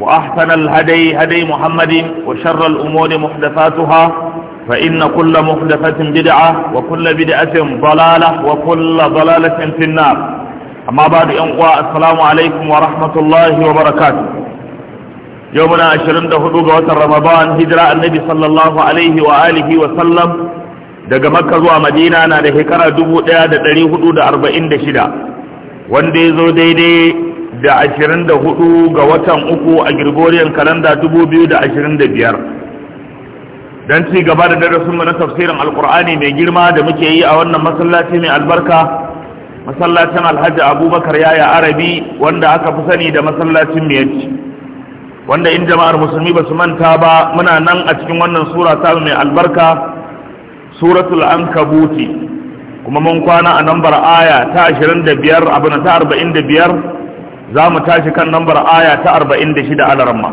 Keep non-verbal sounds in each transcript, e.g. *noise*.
وأحسن الهدي هدي محمد وشر الأمور محدثاتها فإن كل محدثة بدعة وكل بدعة ضلالة وكل ضلالة في النار أما بعد أنقوى السلام عليكم ورحمة الله وبركاته يومنا أشرند حدود وتر رمضان هجرة النبي صلى الله عليه وآله وسلم daga makka zuwa madina na da shekara 1446 wanda ya zo daidai da ashirin da hudu ga watan uku a Gregorian kalanda dubu biyu da ashirin da biyar don ci gaba da darasinmu na tafsirin alkur'ani mai girma da muke yi a wannan masallaci mai albarka masallacin alhaji abubakar yaya arabi wanda aka fi sani da masallacin miyarci wanda in jama'ar musulmi ba su manta ba muna nan a cikin wannan sura ta mai albarka suratul ankabuti kuma mun kwana a nambar aya ta ashirin da abu na ta arba'in da biyar. za mu tashi kan lambar aya ta arba'in da 46 alaramma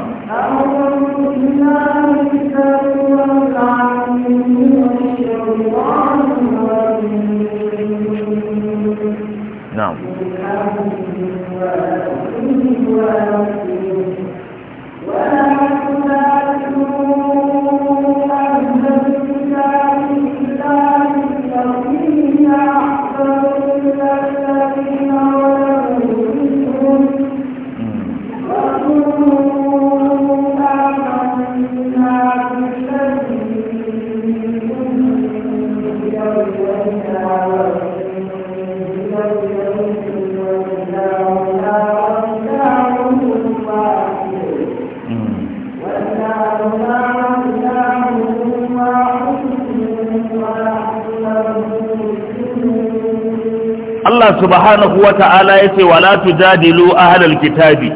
subhanahu wa ta'ala ya ce wala tujadilu ahlal kitabi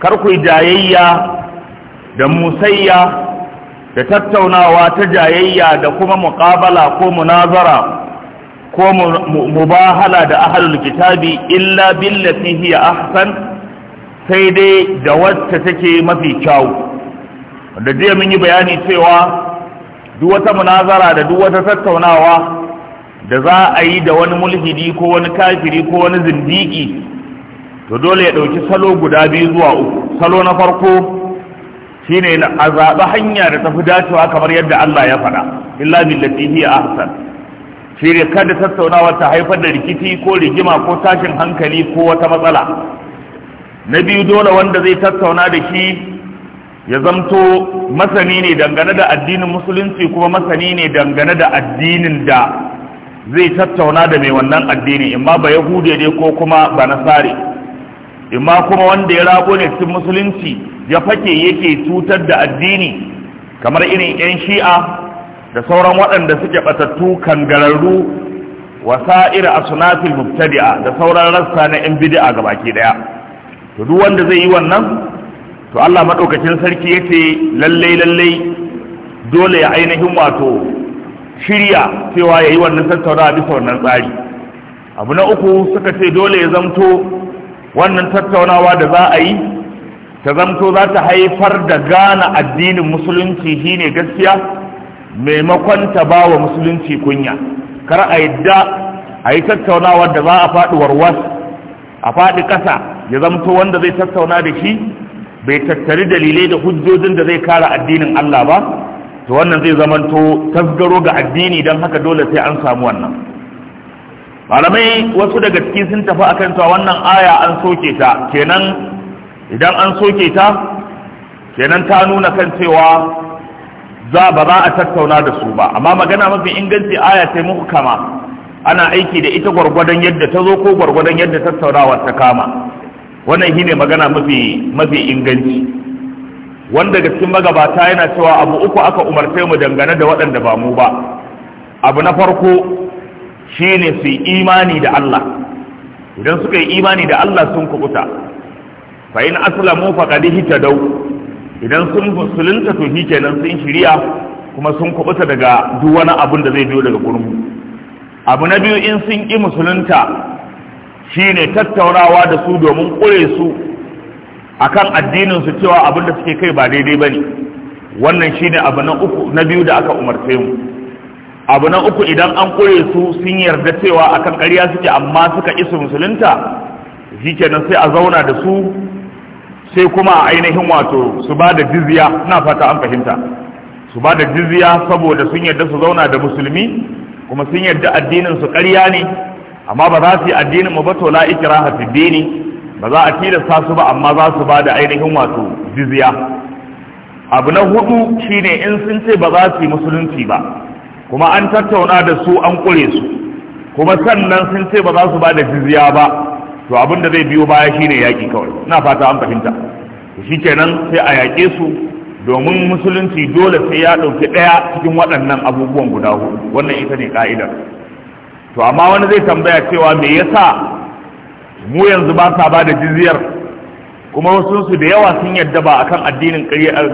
kar ku jayayya da musayya da tattaunawa ta jayayya da kuma muqabala ko munazara ko mubahala da ahlul kitabi illa billati hiya ahsan sai dai da wacce take mafi kyau da jiya mun yi bayani cewa duk wata munazara da duk wata tattaunawa da za a yi da wani mulhidi ko wani kafiri ko wani zindiki to dole ya ɗauki salo guda biyu zuwa uku salo na farko shine a zaɓi hanya da tafi dacewa kamar yadda Allah ya faɗa illa billati hiya ahsan shine kada tattaunawa ta haifar da rikici ko rigima ko tashin hankali ko wata matsala na biyu dole wanda zai tattauna da shi ya zamto masani ne dangane da addinin musulunci kuma masani ne dangane da addinin da zai tattauna da mai wannan addini in ba yahude ne ko kuma ba nasare imma kuma wanda ya rago ne cikin musulunci ya fake yake cutar da addini kamar irin yan shi'a da sauran waɗanda suke batattu kangararru wasa'ir asnafil mubtadi'a da sauran rassa na yan bid'a gabaki daya to duk wanda zai yi wannan to Allah madaukakin sarki yace lalle lalle dole ya ainihin wato shirya cewa ya yi wannan tattaunawa bisa wannan tsari abu na uku suka ce dole ya zamto wannan tattaunawa da za a yi ta zamto za ta haifar da gane addinin musulunci ne gaskiya maimakon ta ba wa musulunci kunya kar a yadda a yi tattaunawa da za a faɗi warwas a faɗi ƙasa ya zamto wanda zai tattauna da shi bai tattari dalilai da hujjojin da zai kara addinin Allah ba to wannan zai zamanto tasgaro ga addini don haka dole sai an samu wannan malamai wasu daga cikin sun tafi akan cewa wannan aya an soke ta kenan idan an soke ta kenan ta nuna kan cewa za ba za a tattauna da su ba amma magana mafi inganci aya ta muku kama ana aiki da ita gwargwadon yadda ta zo ko gwargwadon yadda tattaunawa ta kama wannan shine magana mafi mafi inganci wanda daga cikin magabata yana cewa abu uku aka umarce mu dangane da waɗanda ba mu ba abu na farko shine su imani da Allah idan suka yi imani da Allah sun kubuta fa in aslamu faqad hitadaw idan sun musulunta to shi kenan sun shirya kuma sun kubuta daga duk wani da zai biyo daga gurmu abu na biyu in sun ki musulunta shine tattaunawa da su domin kure su akan addinin su cewa abin da suke kai ba daidai bane wannan shine abu na uku na biyu da aka umarce mu abu na uku idan an kure su sun yarda cewa akan ƙarya suke amma suka isu musulunta shikenan sai a zauna da su sai kuma a ainihin wato su ba da jizya na fata an fahimta su ba da jizya saboda sun yarda su zauna da musulmi kuma sun yarda addinin su ƙarya ne amma ba za su yi addinin mu ba to la ikraha fi dini ba za a tilasta su ba amma za su ba da ainihin wato jizya abu na hudu shine in sun ce ba za su yi musulunci ba kuma an tattauna da su an kure su kuma sannan sun ce ba za su ba da jizya ba to abin da zai biyo baya shine yaki kawai ina fata an fahimta kenan sai a yaƙe su domin musulunci dole sai ya ɗauki ɗaya cikin waɗannan abubuwan guda hudu wannan ita ne ka'idar to amma wani zai tambaya cewa me yasa mu yanzu ba sa ba da jizyar kuma wasu su da yawa sun yadda ba akan addinin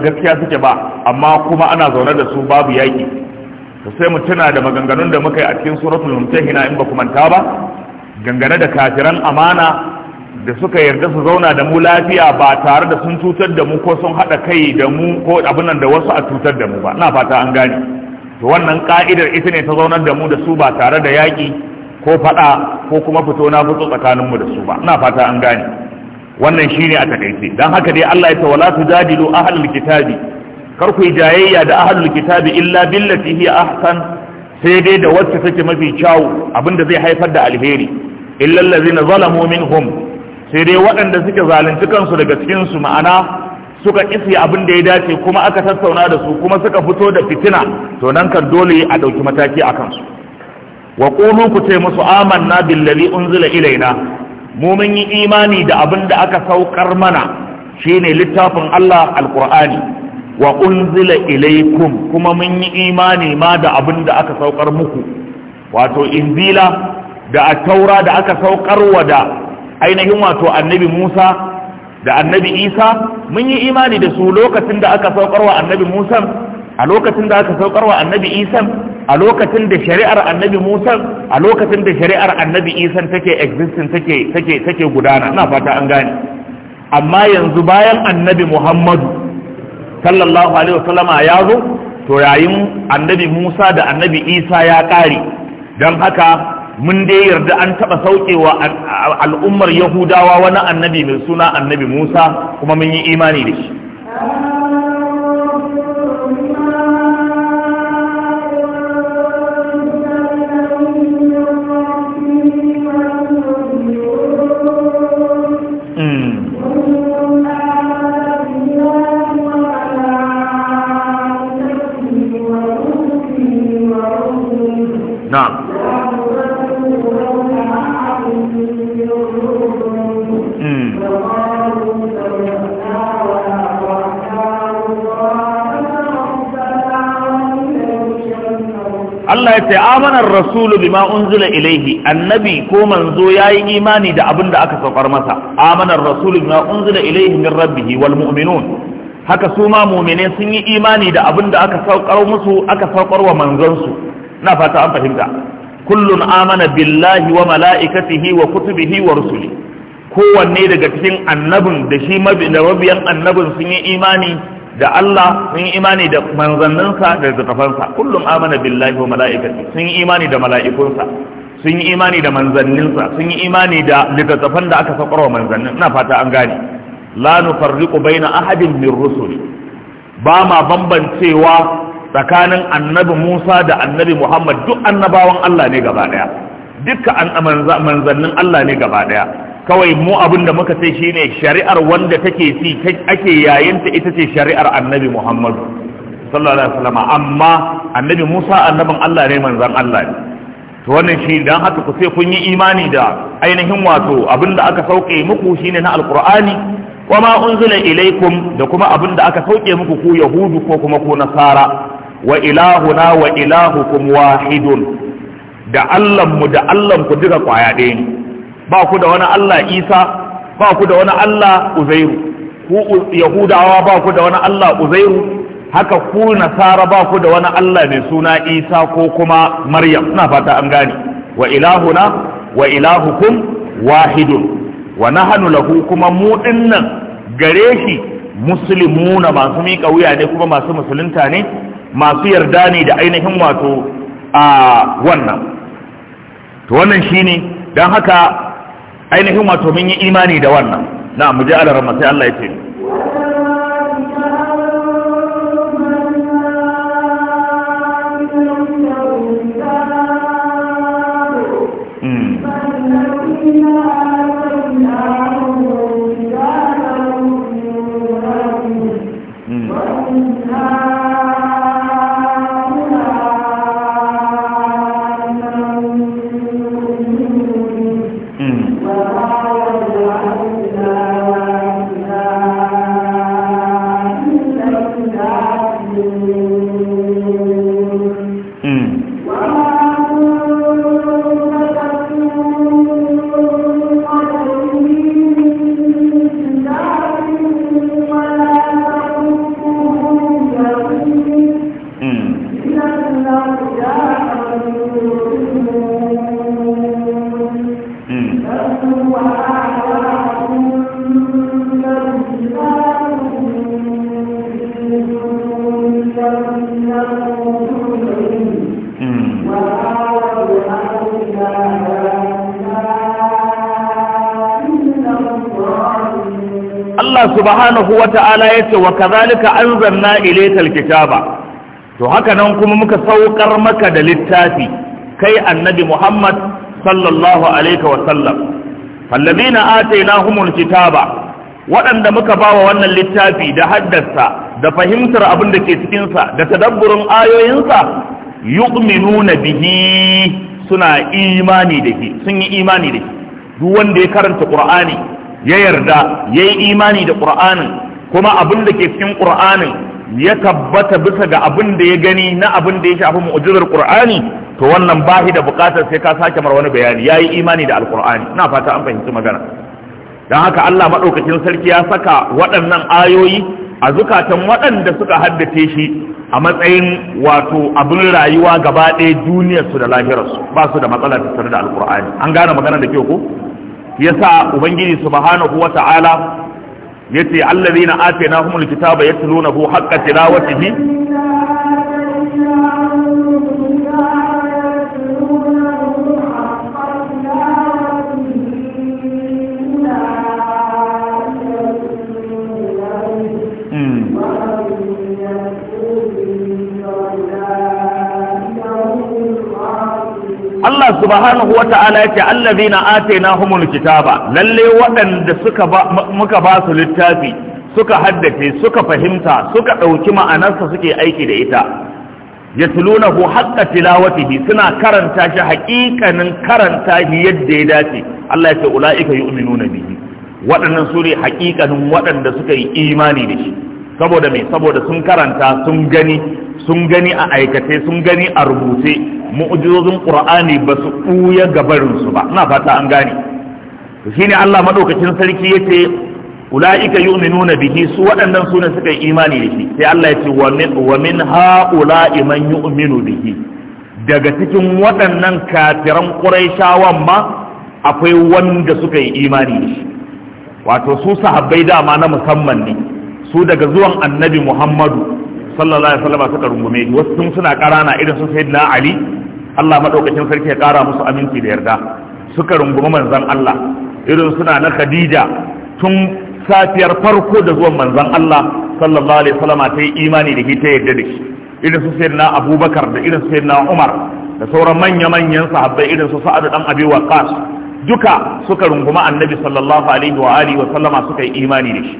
gaskiya suke ba amma kuma ana zaune da su babu yaki to sai mu tuna da maganganun da muka yi a cikin suratul mumtahina in ba ku manta ba gangane da kafiran amana da suka yarda su zauna da mu lafiya ba tare da sun cutar da mu ko sun haɗa kai da mu ko abin nan da wasu a cutar da mu ba ina fata an gane to wannan ka'idar ita ne ta zaunar da mu da su ba tare da yaƙi ko faɗa ko kuma fito na fito tsakaninmu da su ba ina fata an gane wannan shine a takaice dan haka dai Allah ya ce wala tujadilu ahlul kitabi kar ku jayayya da ahlul kitabi illa billati hiya ahsan sai dai da wacce take mafi kyawu abinda zai haifar da alheri illa allazina zalamu minhum sai dai waɗanda suke zalunci kansu daga cikin su ma'ana suka kisi abin da ya dace kuma aka tattauna da su kuma suka fito da fitina to nan kan dole a ɗauki mataki a kansu wa qulu ku ce musu amanna billazi unzila ilaina mu mun yi imani da abin da aka saukar mana shine littafin Allah alqur'ani wa unzila ilaikum kuma mun yi imani ma da abin da aka saukar muku wato inzila da attaura da aka saukar wa da ainihin wato annabi Musa da annabi Isa mun yi imani da su lokacin da aka saukar wa annabi Musa a lokacin da aka saukar wa annabi Isa a lokacin da shari'ar annabi Musa a lokacin da shari'ar annabi Isa take existing take take take gudana ina fata an gane amma yanzu bayan annabi Muhammadu sallallahu alaihi wasallama ya zo to yayin annabi Musa da annabi Isa ya kare dan haka mun dai yarda an taɓa saukewa al'ummar yahudawa wani annabi mai suna annabi musa kuma mun yi imani da shi suka ce rasulu bima unzila ilaihi annabi ko manzo yayi imani da abin da aka saukar masa Amanan rasulu bima unzila ilaihi min rabbihi wal mu'minun haka su ma sun yi imani da abin da aka saukar musu aka saukar wa manzon su na fata an fahimta kullun amana billahi wa mala'ikatihi wa kutubihi wa rusuli kowanne daga cikin annabin da shi mabiyan annabin sun yi imani da Allah sun yi imani da manzanninsa da zatafansa kullum amana billahi wa mala'ikati sun yi imani da mala'ikunsa sun yi imani da manzanninsa sun yi imani da zatafan da aka saukar wa manzannin ina fata an gane la nufarriqu baina ahadin min rusul ba ma bambancewa tsakanin annabi Musa da annabi Muhammad duk annabawan Allah ne gaba daya dukkan manzannin Allah ne gaba daya kawai mu abin da muka ce shine shari'ar wanda take ci ake yayinta ita ce shari'ar annabi muhammadu sallallahu alaihi wasallam amma annabi musa annabin allah ne manzon allah ne to wannan shi dan haka ku sai kun yi imani da ainihin wato abin da aka sauke muku shine na alqur'ani wa ma unzila ilaikum da kuma abin da aka sauke muku ku yahudu ko kuma ku nasara wa ilahuna wa ilahukum wahidun da allahnmu da allahnku duka kwaya ɗaya ne ba ku da wani Allah Isa ba ku da wani Allah Uzairu ku Yahudawa ba ku da wani Allah Uzairu haka ku Nasara ba ku da wani Allah mai suna Isa ko kuma Maryam ina fata an gane wa ilahuna wa ilahukum wahidun wa nahnu lahu kuma mu dinnan gare shi muslimuna masu miƙa wuya ne kuma masu musulunta ne masu yarda ne da ainihin wato a wannan to wannan shine don haka ainihin wato mun yi imani da wannan na mu ji alarar sai Allah ya ce subhanahu wa ta'ala ya ce wa kazalika an zanna ilaikal kitaba to haka nan kuma muka saukar maka da littafi kai annabi muhammad sallallahu alaihi wa sallam fallabina atainahumul kitaba waɗanda muka bawa wannan littafi da haddarsa da fahimtar abin da ke cikinsa da tadabburin ayoyinsa yu'minuna bihi suna imani da shi sun yi imani da shi duk wanda ya karanta qur'ani ya yarda ya yi imani da ƙur'anin kuma abin da ke cikin ƙur'anin ya tabbata bisa ga abin da ya gani na abin da ya shafi mu'ujizar ƙur'ani to wannan bahi da buƙatar sai ka sake mar wani bayani ya yi imani da alqur'ani ina fata an fahimci magana don haka Allah maɗaukacin sarki ya saka waɗannan ayoyi a zukatan waɗanda suka haddace shi a matsayin wato abin rayuwa gaba ɗaya duniyarsu da lahirarsu ba su da matsala tattare da alƙur'ani an gane magana da kyau ko yasa ubangiji subhanahu wata'ala yace allazina atainahumul kitaba yatlunahu haqqa tilawatihi Mm. Allah subhanahu wa ta'ala ya ce na atainahumul kitaba lalle waɗanda muka ba su littafi suka haddace suka fahimta suka ɗauki ma'anarsa suke aiki da ita yatlunahu haqqa tilawatihi suna karanta shi haƙiƙanin karanta shi yadda ya dace Allah ya ce ulaika na bihi waɗannan su ne haƙiƙanin waɗanda suka yi imani da shi saboda saboda sun karanta sun gani sun gani a aikace sun gani a rubuce mu'jizozin qur'ani ba su ɓuya gabarin su ba ina fata an gane to shine Allah madaukakin sarki yace ulaika yu'minuna bihi su waɗannan suka yi imani da shi sai Allah yace wa min wa min haula'i man yu'minu bihi daga cikin waɗannan kafiran quraishawan ma akwai wanda suka yi imani da shi wato su sahabbai dama na musamman ne su daga zuwan annabi Muhammadu sallallahu alaihi wasallam suka rungume shi wasu tun suna karana irin su sayyidina ali Allah madaukakin sarki ya kara musu aminci da yarda suka rungume manzon Allah irin suna na Khadija tun safiyar farko da zuwan manzon Allah sallallahu alaihi wasallam ta yi imani da shi ta yarda da shi irin su na Abubakar da irin su na Umar da sauran manya-manyan sahabbai irin su Sa'ad dan Abi Waqqas duka suka rungume annabi sallallahu alaihi wa alihi wa sallama suka yi imani da shi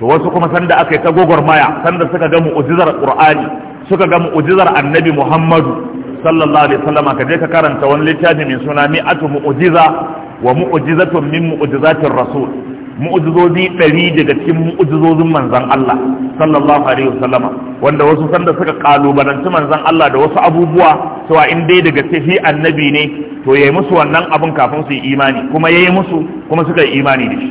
to wasu kuma sanda aka yi ta maya, sanda suka ga mu'ujizar qur'ani suka ga mu'ujizar annabi muhammadu sallallahu alaihi wasallam ka je ka karanta wani littafi mai suna mi'atu mu'ujiza wa mu'ujizatun min mu'ujizatir rasul mu'ujizozi ɗari daga cikin mu'ujizozin manzan Allah sallallahu alaihi wasallama wanda wasu sanda suka kalubalanci manzan Allah da wasu abubuwa cewa in dai daga tafi annabi ne to yayi musu wannan abin kafin su yi imani kuma yayi musu kuma suka yi imani da shi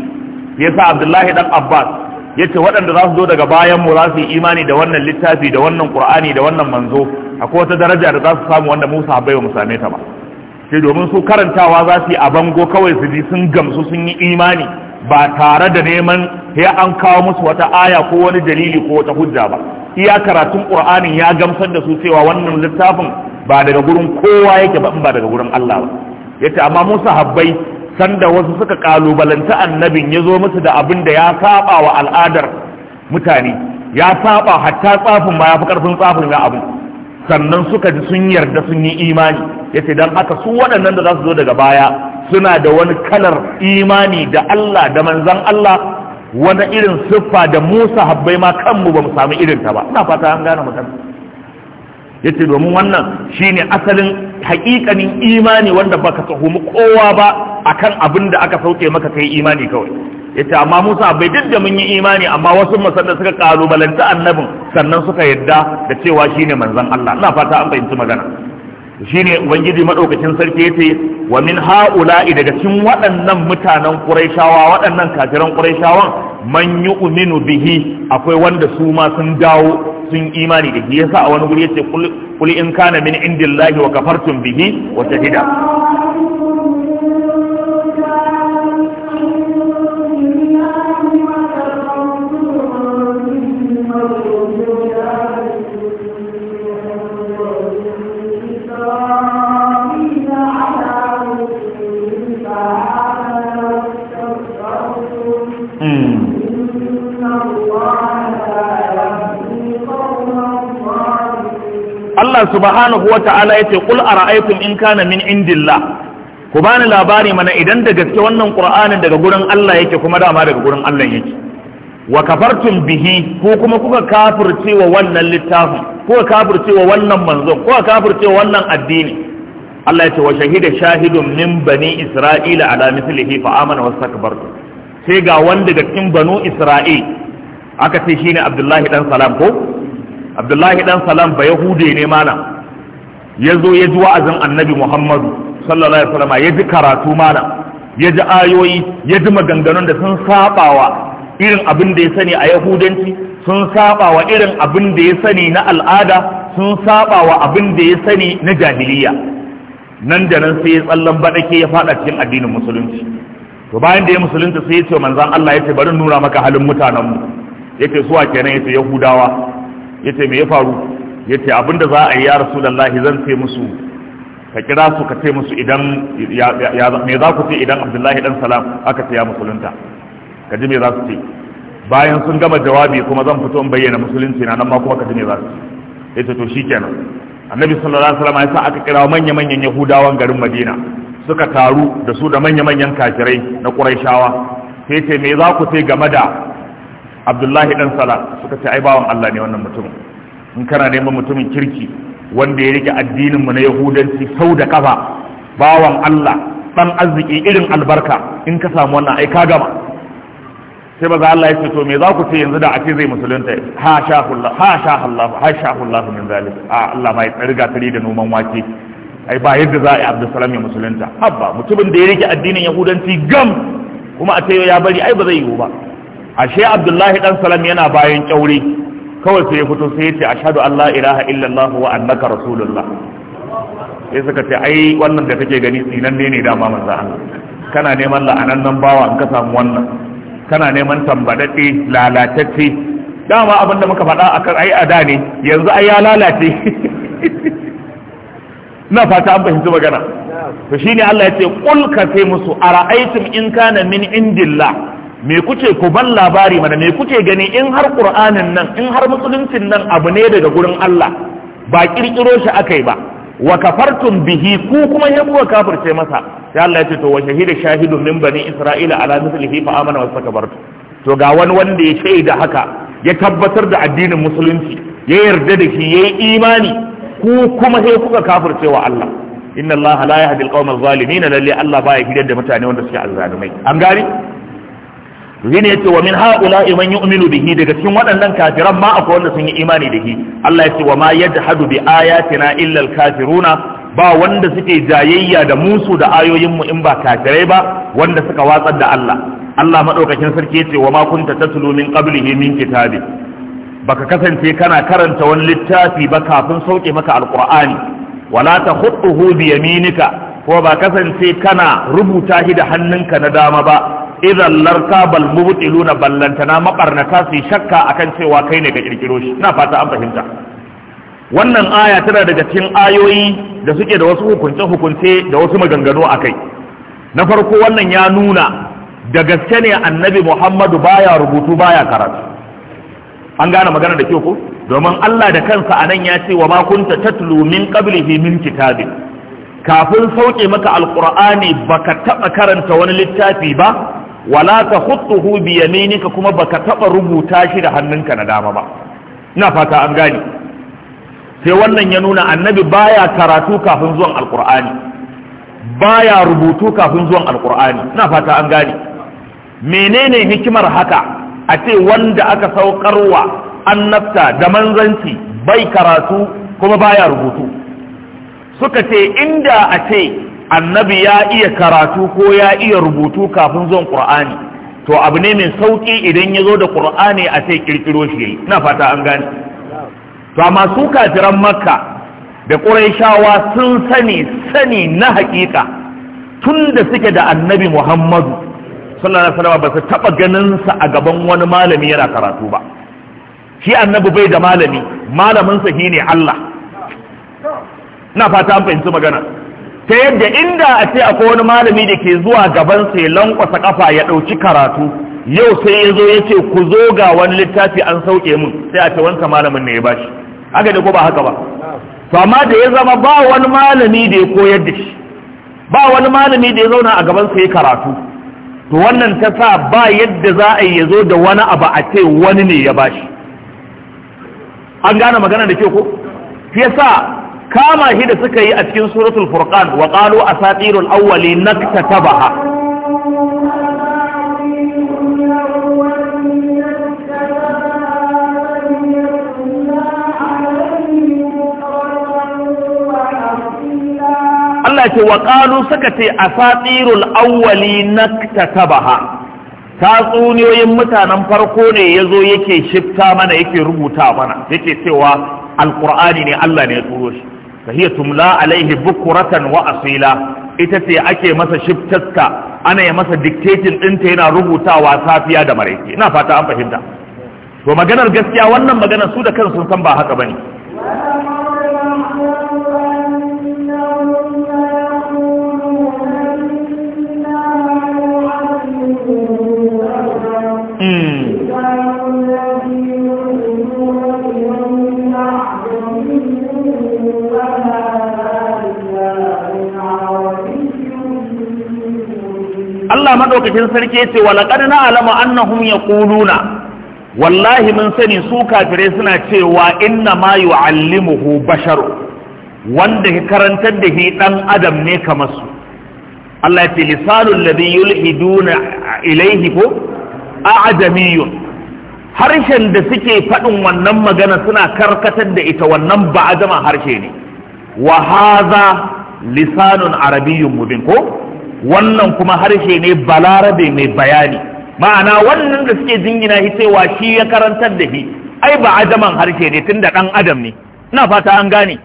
yasa Abdullahi dan Abbas yace waɗanda za su zo daga bayan mu za su yi imani da wannan littafi da wannan qur'ani da wannan manzo akwai wata daraja da za su samu wanda Musa bai wa musame ta ba sai domin su karantawa za su yi a bango kawai su ji sun gamsu sun yi imani ba tare da neman sai an kawo musu wata aya ko wani dalili ko wata hujja ba iya karatun qur'anin ya gamsar da su cewa wannan littafin ba daga gurin kowa yake ba in ba daga gurin Allah ba yace amma Musa habbai sanda wasu suka kalubalanta annabin ya zo musu da abin da ya saba wa al'adar mutane ya saba hatta tsafin ma ya fi karfin tsafin ga abin sannan suka ji sun yarda sun yi imani ya ce don haka su waɗannan da za su zo daga baya suna da wani kalar imani da Allah da manzan Allah wani irin siffa da musa habbai ma kanmu ba mu samu irinta ba ina fata an gane mutane yace domin wannan shine asalin haƙiƙanin imani wanda baka tuhumi kowa ba akan abin da aka sauke maka kai imani kawai yace amma Musa bai duk da mun yi imani amma wasu musallan suka kalubalanta annabin sannan suka yadda da cewa shine manzon Allah ina fata an fahimci magana shine ubangiji madaukakin sarki yace wa min haula'i daga cikin waɗannan mutanen Qurayshawa waɗannan kafiran Qurayshawan man yu'minu bihi akwai wanda su ma sun dawo sun imani da shi yasa a wani guri yace kul in kana min indillahi wa kafartum bihi wa shahida Allah subhanahu wata'ala yace qul ara'aykum in kana min indillah ku bani labari mana idan da gaske wannan qur'anin daga gurin Allah yake kuma dama daga gurin Allah yake wa kafartum bihi ko kuma kuka kafirce wa wannan littafin kuka kafirce wa wannan manzon kuka kafirce wa wannan addini Allah ya ce wa shahida shahidun min bani isra'ila ala mithlihi fa amana wastakbartum sai ga wanda daga cikin banu isra'il aka ce shine Abdullahi dan Salam ko abdullahi dan salam ba yahude ne malam ya zo ya ji wa'azin annabi muhammadu sallallahu alaihi wasallam ya ji karatu malam ya ji ayoyi ya ji maganganun da sun sabawa irin abin da ya sani a yahudanci sun sabawa irin abin da ya sani na al'ada sun sabawa abin da ya sani na jahiliya nan da nan sai ya tsallan baɗake ya faɗa cikin addinin musulunci to bayan da ya musulunci sai ya ce manzon Allah ya ce bari nuna maka halin mutanenmu yake suwa kenan ya ce yahudawa yace me ya faru yace abinda za a yi ya rasulullahi zan ce musu ka kira su ka ce musu idan me za ku ce idan abdullahi dan salam aka ce ya musulunta ka ji me za su ce bayan sun gama jawabi kuma zan fito in bayyana musulunci na nan ma kuma ka ji me za su ce yace to shikenan annabi sallallahu alaihi wasallam ya sa aka kira manya manyan yahudawan garin madina suka taru da su da manya manyan kafirai na quraishawa sai ce me za ku ce game da abdullahi dan sala suka ce ai bawan Allah ne wannan mutumin in kana neman mutumin kirki wanda ya rike addinin mu na yahudanci sau da kafa bawan Allah dan arziki irin albarka in ka samu wannan ai ka gama sai maza Allah ya ce to me za ku ce yanzu da a ce zai musulunta ha sha Allah ha sha Allah ha sha Allah min zalik a Allah mai tsarga tare da noman wake ai ba yadda za a yi Abdulsalam ya musulunta habba mutumin da ya rike addinin yahudanci gam kuma a ce ya bari ai ba zai yiwu ba ashe abdullahi dan salam yana bayan kyaure kawai sai ya fito sai ya ce ashhadu an la ilaha illallah wa annaka rasulullah sai suka ce ai wannan da kake gani sinan ne ne dama manzo Allah kana neman la'anan nan bawa in ka samu wannan kana neman tambadadde lalatacce dama abin da muka faɗa akan ai ada ne yanzu ai ya lalace *laughs* na fata an fahimci magana to shine Allah ya ce qul ka sai musu ara'aytum in kana min indillah me kuke ku ban labari mana me kuke gani in har qur'anin nan in har musuluncin nan abu ne daga gurin Allah ba kirkiro shi akai ba wa kafartum bihi ku kuma ya kuwa kafirce masa sai Allah ya ce to wa shahida shahidun min bani isra'ila ala mithlihi fa amana wastakbartu to ga wani wanda ya shaida haka ya tabbatar da addinin musulunci ya yarda da shi yayi imani ku kuma sai kuka kafirce wa Allah inna Allah la yahdi al-qawma adh-dhalimin lalle Allah baya gidan da mutane wanda suke azzalumai an gani. zai ne yace wa min haula man yu'minu bihi daga cikin waɗannan kafiran ma akwai wanda sun yi imani da shi Allah ya ce wa ma yajhadu bi ayatina illa al-kafiruna ba wanda suke jayayya da musu da ayoyinmu in ba kafirai ba wanda suka watsar da Allah Allah madaukakin sarki yace wa ma kunta tatlu min qablihi min kitabi baka kasance kana karanta wani littafi ba kafin sauke maka alqur'ani wala takhuttuhu bi yaminika ko ba kasance kana rubuta shi da hannunka na dama ba idan lartabal mubtiluna ballantana mabarnata su shakka akan cewa kai ne ka kirkiro shi ina fata an fahimta wannan aya tana daga cikin ayoyi da suke da wasu hukunce hukunce da wasu maganganu akai na farko wannan ya nuna da gaske ne annabi Muhammadu baya rubutu baya karatu an gane magana da kyau ko domin Allah da kansa anan ya ce wa makunta kunta tatlu min qablihi min kitabin kafin sauke maka alqur'ani baka taɓa karanta wani littafi ba wala ta hutuhu bi yaminika kuma baka taba rubuta shi da hannunka na dama ba ina fata an gane sai wannan ya nuna annabi baya karatu kafin zuwan alqur'ani baya rubutu kafin zuwan alqur'ani ina fata an gane menene hikimar haka a ce wanda aka saukarwa annabta da manzanci bai karatu kuma baya rubutu suka ce inda a ce annabi ya iya karatu ko ya iya rubutu kafin zuwan qur'ani to abu ne mai sauƙi idan ya zo da qur'ani a sai kirkiro shi yayi ina fata an gane to amma su kafiran makka da quraishawa sun sani sani na hakika tun da suke da annabi muhammadu sallallahu alaihi wasallam ba su taba ganin a gaban wani malami yana karatu ba shi annabi bai da malami malamin sa shine Allah na fata an fahimci magana ta yadda inda a ce akwai wani malami da ke zuwa gaban sai lankwasa kafa ya ɗauki karatu yau sai ya zo ya ce ku zo ga wani littafi an sauke mun sai a ce wanka malamin ne ya bashi haka ne ko ba haka ba to amma da ya zama ba wani malami da ya koyar da shi ba wani malami da ya zauna a gaban sai karatu to wannan ta sa ba yadda za a yi ya zo da wani abu a ce wani ne ya bashi an gane magana da ke ko yasa kama shi da suka yi a cikin suratul furqan wa qalu asatirul awwalin naktatabaha Allah ce wa ƙalu suka ce a fatirul awwali na tatsuniyoyin mutanen farko ne ya zo yake shifta mana yake rubuta mana yake cewa alƙur'ani ne Allah ne ya turo shi فهي تملى عليه بكرة ita ce ake masa shiftaska ana masa dictating dinta yana rubutawa safiya da maraiki ina fata an fahimta to maganar gaskiya wannan magana su da kansu san ba haka ba ne. Allah madaukakin sarki ce wa laqad na'lamu annahum yaquluna wallahi mun sani su kafirai suna cewa inna ma yu'allimuhu bashar wanda ke karantar da shi dan adam ne kamar su Allah ya ce lisanul ladhi yulhiduna ilayhi ko a'jamiyun harshen da suke faɗin wannan magana suna karkatar da ita wannan ba harshe ne wa haza lisanun arabiyyun mubin ko wannan kuma harshe ne balarabe mai bayani ma'ana wannan da suke jingina shi cewa shi ya karantar da shi ai ba Adaman harshe ne tun da ɗan adam ne ina fata an gane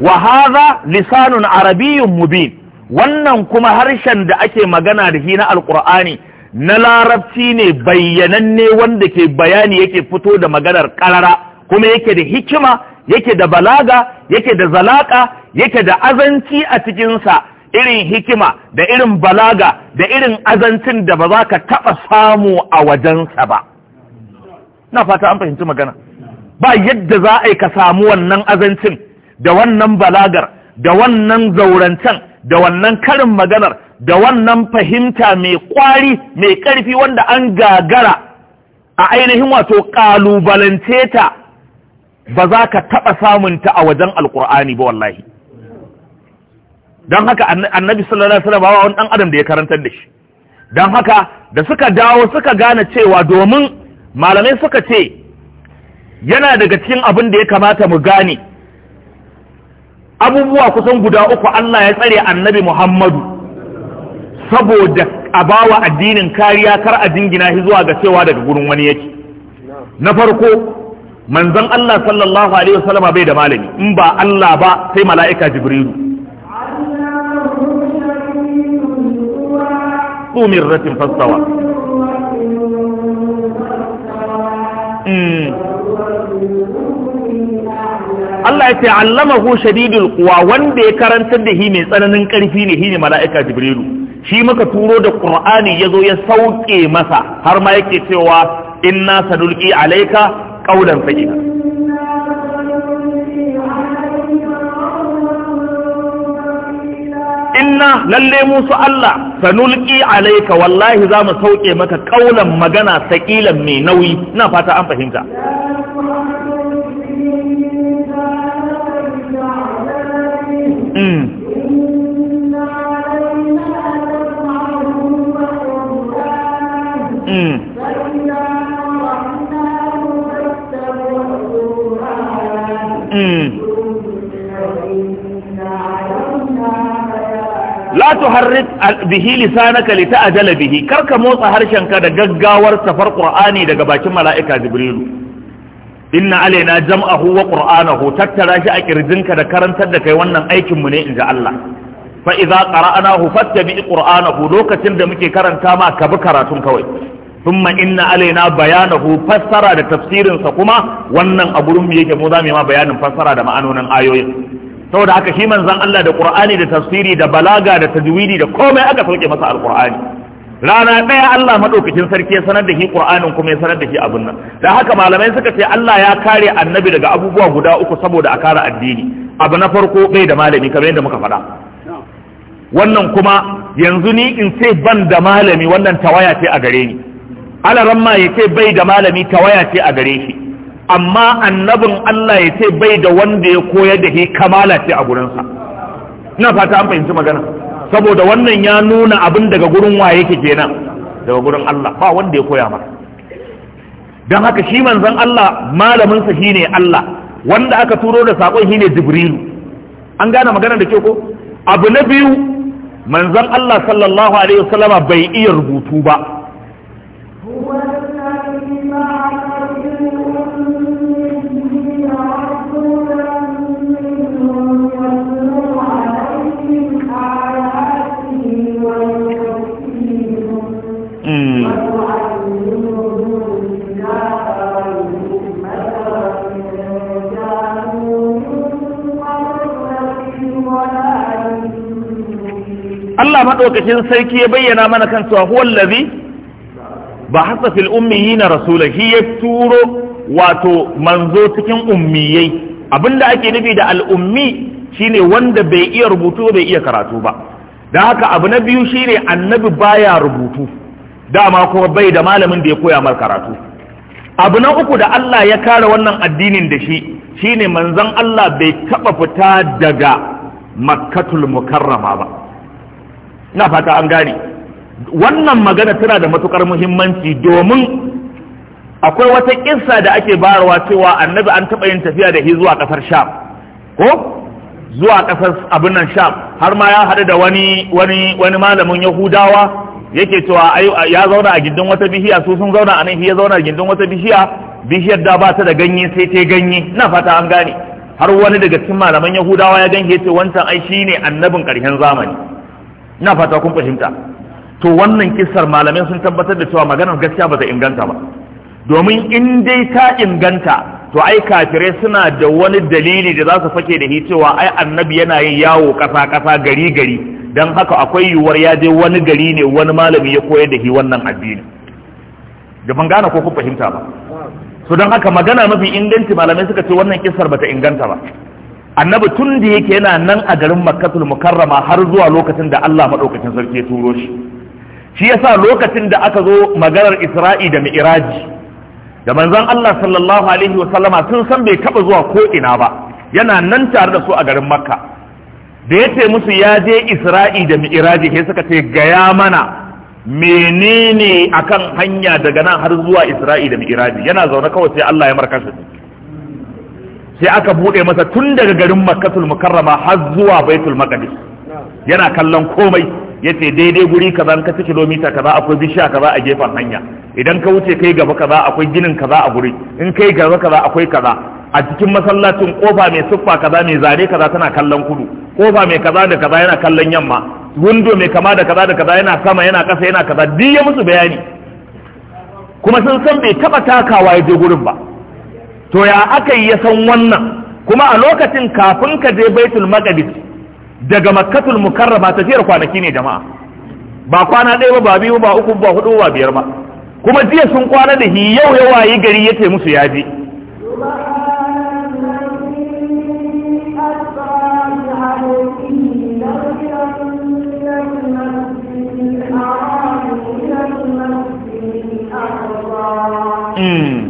wa haza lisanun arabiyyun mubin wannan kuma harshen da ake magana da shi na alqur'ani na larabci ne bayyananne wanda ke bayani yake fito da maganar karara kuma yake da hikima yake da balaga yake da zalaka yake da azanci a cikinsa irin hikima da irin balaga da irin azancin da ba za ka taɓa samu a wajensa ba na fata an fahimci magana ba yadda za a yi ka samu wannan azancin da wannan balagar da wannan zaurancen da wannan karin maganar da wannan fahimta mai ƙwari mai ƙarfi wanda an gagara a ainihin wato ƙalubalance ta ba za ka taɓa samunta a wajen alƙur'ani ba wallahi don haka annabi sallallahu alaihi wasallam ba wani dan adam da ya karantar da shi don haka da suka dawo suka gane cewa domin malamai suka ce yana daga cikin abin da ya kamata mu gane abubuwa kusan guda uku Allah ya tsare annabi Muhammadu saboda a bawa addinin kariya kar a jingina shi zuwa ga cewa daga gurin wani yake na farko manzon Allah sallallahu alaihi wasallama bai da malami in ba Allah ba sai mala'ika Jibrilu ذو مرة فاستوى Allah ya ce allamahu shadidul quwa wanda ya karantar da shi mai tsananin karfi ne shine mala'ika jibrilu shi muka turo da qur'ani yazo ya sauke masa har ma yake cewa inna sadulqi alayka qawlan sayyida inna lalle musu Allah sanulqi alaika wallahi za mu sauke maka kaulan magana saƙilan mai nauyi ina fata an fahimta mm. Mm. Mm. la tuharrik bihi lisanaka lita'jala bihi karka motsa harshenka da gaggawar safar qur'ani daga bakin mala'ika jibrilu inna alaina jam'ahu wa qur'anahu tattara shi a kirjinka da karantar da kai wannan aikin mu ne inji Allah fa idza qara'nahu fattabi qur'anahu lokacin da muke karanta ma ka bi karatun kawai thumma inna alaina bayanahu fassara da tafsirin sa kuma wannan a gurin mu yake mu za mu yi ma bayanin fassara da ma'anonin ayoyin saboda haka shi manzon Allah da Qur'ani da tafsiri da balaga da tajwidi da komai aka sauke masa alqur'ani rana ɗaya Allah madaukakin sarki ya sanar da shi Qur'anin kuma ya sanar da shi abin nan da haka malamai suka ce Allah ya kare annabi daga abubuwa guda uku saboda a kare addini abu na farko bai da malami kamar yadda muka faɗa wannan kuma yanzu ni in ce ban da malami wannan tawaya ce a gare ni alaran ya ce bai da malami tawaya ce a gare shi amma annabin Allah ya ce bai da wanda ya koyar da shi kamala ce a gurinsa ina fata an fahimci magana saboda wannan ya nuna abin daga gurin wa yake kenan daga gurin Allah ba wanda ya koya masa don haka shi manzon Allah malamin sa shine Allah wanda aka turo da sakon shine Jibrilu an gane magana da ke ko abu na biyu manzon Allah sallallahu alaihi wasallama bai iya rubutu ba Allah maɗaukacin sarki ya bayyana mana kan cewa huwa lazi ba hasa fil ummiyina rasula shi ya turo wato manzo cikin ummiyai abinda ake nufi da al'ummi shine wanda bai iya rubutu bai iya karatu ba da haka abu na biyu shine annabi baya rubutu dama kuma bai da malamin da ya koya mar karatu abu na uku da Allah ya kare wannan addinin da shi shine manzon Allah bai taba fita daga makkatul mukarrama ba na fata an gane wannan magana tana da matukar muhimmanci domin akwai wata kissa da ake bayarwa cewa annabi an taɓa yin tafiya da shi zuwa ƙasar sham ko zuwa ƙasar abin nan sham har ma ya haɗu da wani wani wani malamin yahudawa yake cewa ya zauna a gindin wata bishiya su sun zauna a nan ya zauna a gindin wata bishiya bishiyar da ba ta da ganye sai ta ganye na fata an gane har wani daga cikin malaman yahudawa ya ganye ce wancan ai shine annabin ƙarshen zamani ina fata kun fahimta to wannan kissar malamai sun tabbatar da cewa maganar gaskiya ba ta inganta ba domin in dai ta inganta to ai kafirai suna da wani dalili da za su fake da shi cewa ai annabi yana yin yawo kasa kasa gari gari don haka akwai yiwuwar ya je wani gari ne wani malami ya koyar da shi wannan addini da ban gane ko kun fahimta ba so don haka magana mafi inganci malamai suka ce wannan kissar ba ta inganta ba annabi tun da yake yana nan a garin makkatul mukarrama har zuwa lokacin da Allah madaukakin sarki ya turo shi shi yasa lokacin da aka zo maganar isra'i da Mi'iraji, da manzon Allah sallallahu alaihi wa sallama sun san bai taba zuwa ko ina ba yana nan tare da su a garin makka da ya ce musu ya je isra'i da Mi'iraji sai suka ce gaya mana menene akan hanya daga nan har zuwa isra'i da Mi'iraji? yana zaune kawai sai Allah ya marka shi sai aka bude masa tun daga garin makkatul mukarrama har zuwa baitul maqdis yana kallon komai yace daidai guri kaza ka kace kilomita kaza akwai bishiya kaza a gefen hanya idan ka wuce kai gaba kaza akwai ginin kaza a guri in kai gaba kaza akwai kaza a cikin masallacin kofa mai siffa kaza mai zare kaza tana kallon kudu kofa mai kaza da kaza yana kallon yamma windo mai kama da kaza da kaza yana sama yana kasa yana kaza duk ya musu bayani kuma sun san bai taba takawa ya je gurin ba to ya aka yi ya san wannan kuma a lokacin kafin ka je baitul maqdis daga makkatul mukarrama tafiyar kwanaki ne jama'a ba kwana ɗaya ba ba biyu ba uku ba hudu ba biyar ba kuma jiya sun kwana da hi yau ya wayi gari ya ce musu ya je Mm.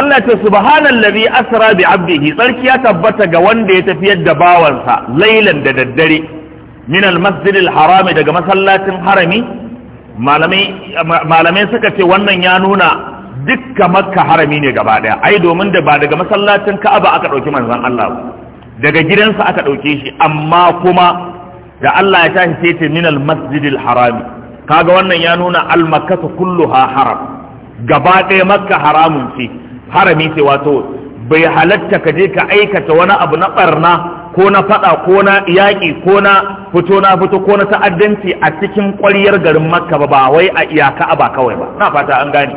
Allah ce subhanallazi asra bi abdihi tsarki ya tabbata ga wanda ya tafiyar da bawansa lailan da daddare min al-masjid harami daga masallacin harami malamai suka ce wannan ya nuna dukkan makka harami ne gaba daya ai domin da ba daga masallacin ka'aba aka dauki manzon Allah ba. daga gidansa aka dauke shi amma kuma da Allah ya tashi sai ce min al-masjid harami kaga wannan ya nuna al-makkah kulluha haram gaba daya makka haramun ce harami wato bai halatta ka je ka aikata wani abu na barna ko na fada ko na yaƙi ko na fito na fito ko na ta'addanci a cikin ƙwaryar garin makka ba wai a iyaka ba kawai ba na fata an gane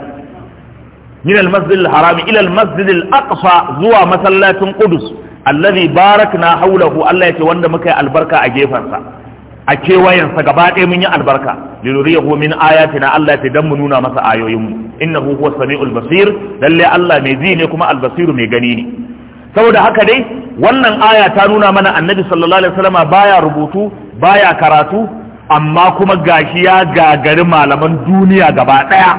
min al-masjid al-harami ila al-masjid al-aqsa zuwa masallacin qudus alladhi barakna hawlahu Allah ya ce wanda muka yi albarka a gefansa a kewayensa gaba ɗaya mun yi albarka linuriyahu min ayatina Allah ta dan mu nuna masa ayoyinmu innahu huwa samiul basir lalle Allah mai ji ne kuma albasiru mai gani ne saboda haka dai wannan aya ta nuna mana annabi sallallahu alaihi wasallama baya rubutu baya karatu amma kuma gashi ya gagari malaman duniya gaba ɗaya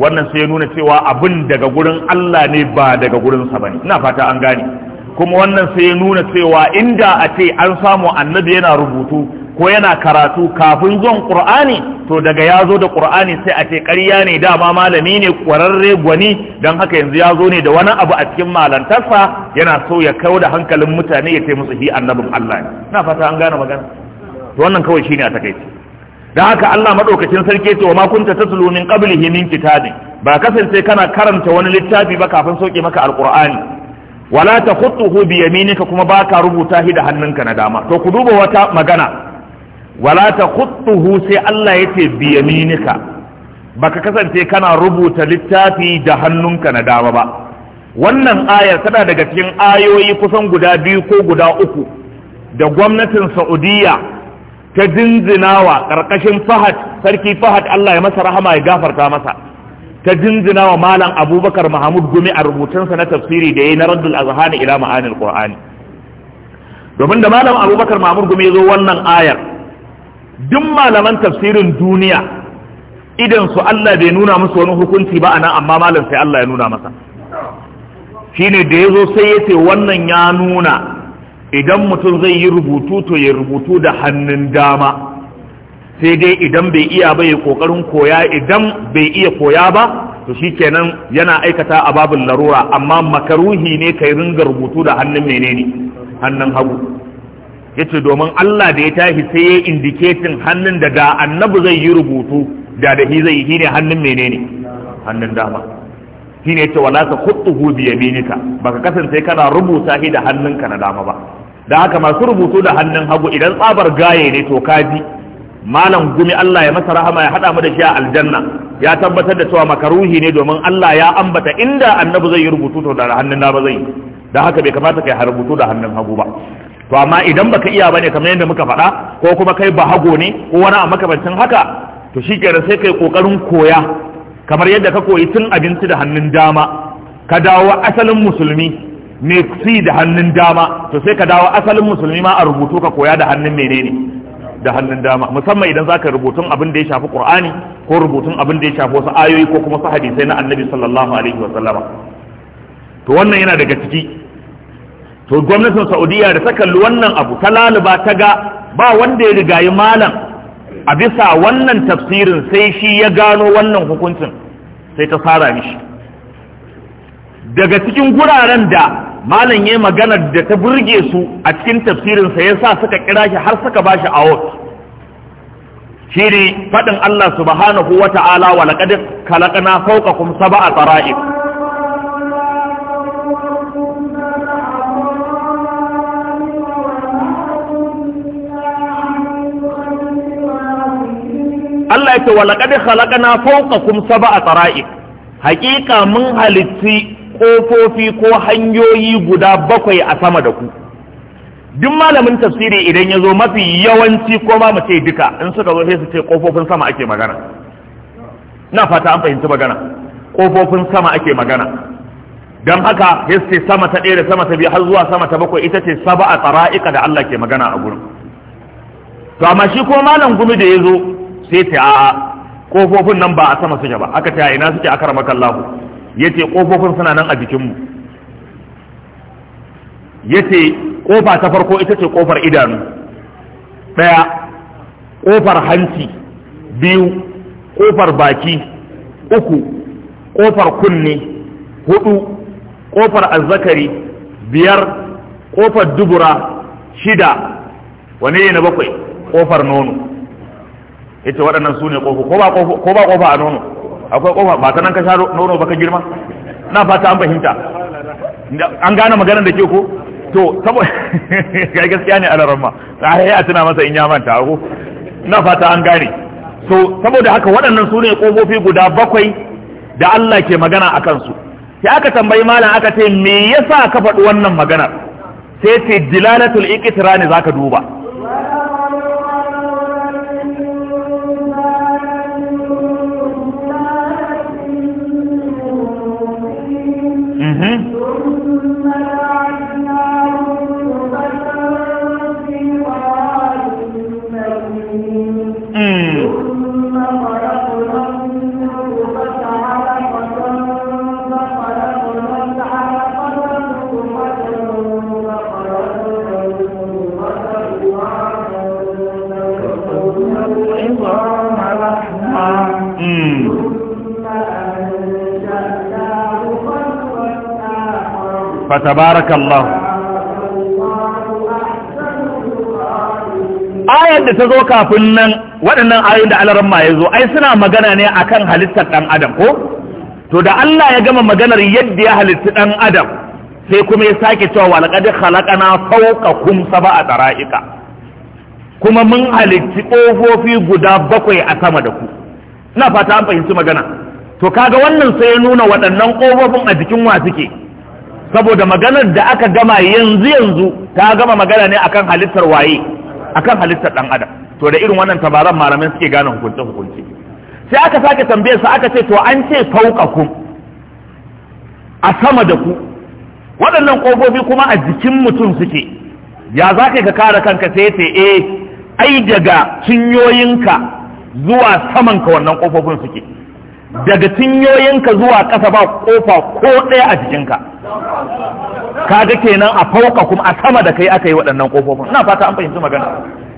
wannan sai ya nuna cewa abin daga gurin Allah ne ba daga gurinsa bane ina fata an gane kuma wannan sai ya nuna cewa inda a ce an samu annabi yana rubutu ko yana karatu kafin zuwan qur'ani to daga ya zo da qur'ani sai a ce ƙarya ne dama malami ne ƙwararre gwani don haka yanzu ya zo ne da wani abu a cikin malantarsa yana so ya kawo da hankalin mutane ya ce musu shi annabin Allah ne na fata an gane magana to wannan kawai shi ne a takaici. don haka Allah maɗaukacin sarki ce wa ma ta tatlu min qablihi min kitabin ba kasance kana karanta wani littafi ba kafin soke maka alƙur'ani wala ta khutuhu bi yaminika kuma baka rubuta shi da hannunka na dama to ku duba wata magana wala ta khutuhu sai Allah yace bi yaminika baka kasance kana rubuta littafi da hannunka na dama ba wannan ayar tana daga cikin ayoyi kusan guda biyu ko guda uku da gwamnatin Saudiya ta dinzinawa karkashin Fahad sarki Fahad Allah ya masa rahama ya gafarta masa ta jinjina wa malam abubakar mahamud gumi a rubutunsa na tafsiri da ya yi na raddul azhani ila ma'anil qur'ani domin da malam abubakar mahamud gumi zo wannan ayar duk malaman tafsirin duniya idan su Allah bai nuna musu wani hukunci ba anan amma malam sai Allah ya nuna masa shine da ya zo sai ya ce wannan ya nuna idan mutum zai yi rubutu to ya rubutu da hannun dama sai dai idan bai iya ba ya kokarin koya idan bai iya koya ba to shikenan yana aikata a babin larura amma makaruhi ne yi ringa rubutu da hannun menene hannun hagu Ya ce domin Allah da ya tashi sai ya indiketin hannun da da annabu zai yi rubutu da da shi zai yi ne hannun menene hannun dama ne ce wala ta khutuhu bi yaminika baka kasance kana rubuta shi da hannunka na dama ba da haka masu rubutu da hannun hagu idan tsabar gaye ne to kaji malam gumi Allah ya masa rahama ya hada mu da shi a aljanna ya tabbatar da cewa makaruhi ne domin Allah ya ambata inda annabi zai yi rubutu to da hannun na ba zai da haka bai kamata kai rubutu da hannun hagu ba to amma idan baka iya bane kamar yadda muka faɗa ko kuma kai ba hago ne ko wani a makabancin haka to shikenan sai kai kokarin koya kamar yadda ka koyi tun abinci da hannun dama ka dawo asalin musulmi ne si da hannun dama to sai ka dawo asalin musulmi ma a rubutu ka koya da hannun menene da hannun dama musamman idan zaka rubutun abin da ya shafi qur'ani ko rubutun abin da ya shafi wasu ayoyi ko kuma su hadisai na annabi sallallahu alaihi wa sallama to wannan yana daga ciki to gwamnatin saudiya da ta kalli wannan abu ta laluba ta ga ba wanda ya rigayi malam a bisa wannan tafsirin sai shi ya gano wannan hukuncin sai ta sara mishi daga cikin guraren da malam yayi magana da ta burge su a cikin tafsirin sa yasa suka kira shi har suka bashi awot shine fadin Allah subhanahu wata'ala wa laqad khalaqna fawqakum sab'a tara'iq Allah ya ce wa laqad khalaqna fawqakum sab'a tara'iq Hakika mun halitti ƙofofi ko hanyoyi guda bakwai a sama da ku duk malamin tafsiri idan ya zo mafi yawanci ko ma ce duka in suka zo sai su ce ƙofofin sama ake magana na fata an fahimci magana ƙofofin sama ake magana don haka ya ce sama ta ɗaya da sama ta biyu har zuwa sama ta bakwai ita ce saba a tsara'ika da Allah ke magana a gurin to amma shi ko malam gumi da ya zo sai ta a ƙofofin nan ba a sama suke ba aka ta ina suke aka rama kallahu yace kofofin suna nan a jikinmu yace ƙofa ta farko ita ce kofar idanu ɗaya ƙofar hanci biyu ƙofar baki uku ƙofar kunne hudu ƙofar azzakari biyar kofar dubura shida wane ne na bakwai kofar nono ita waɗannan su ne ko ba kofa a nono akwai kofa ba sanan ka sha nono baka girma na fata an fahimta an gane maganar da ke ko to saboda *laughs* gaskiya ne alarar ma sai a tuna masa in ya manta ko na fata an gane so saboda haka waɗannan su ne kofofi guda bakwai da Allah ke magana a kansu, sai aka tambayi malam aka ce me yasa ka faɗi wannan maganar sai ce dilalatul iqtirani zaka duba فتبارك الله ayar da ta zo kafin nan waɗannan ayoyin da alaran ma ya zo ai suna magana ne akan halittar ɗan adam ko to da Allah ya gama maganar yadda ya halitti ɗan adam sai kuma ya sake cewa walƙadi halakana fauka kum saba a tsara'ika kuma mun halitti ƙofofi guda bakwai a sama da ku ina fata an fahimci magana to kaga wannan sai ya nuna waɗannan ƙofofin a jikin wa suke saboda maganar da aka gama yanzu yanzu ta gama magana ne akan halittar waye akan halittar dan adam to da irin wannan tabaran malamin suke gane hukunce hukunce sai aka sake tambayar sa aka ce to an ce fauqakum a sama da ku waɗannan kofofi kuma a jikin mutum suke ya za ka kare kanka sai ce eh ai daga cinyoyinka zuwa samanka wannan kofofin suke daga cinyoyinka zuwa ƙasa ba kofa ko ɗaya a jikinka kaga kenan a fauka kuma a sama da kai aka yi waɗannan kofofin ina fata an fahimci magana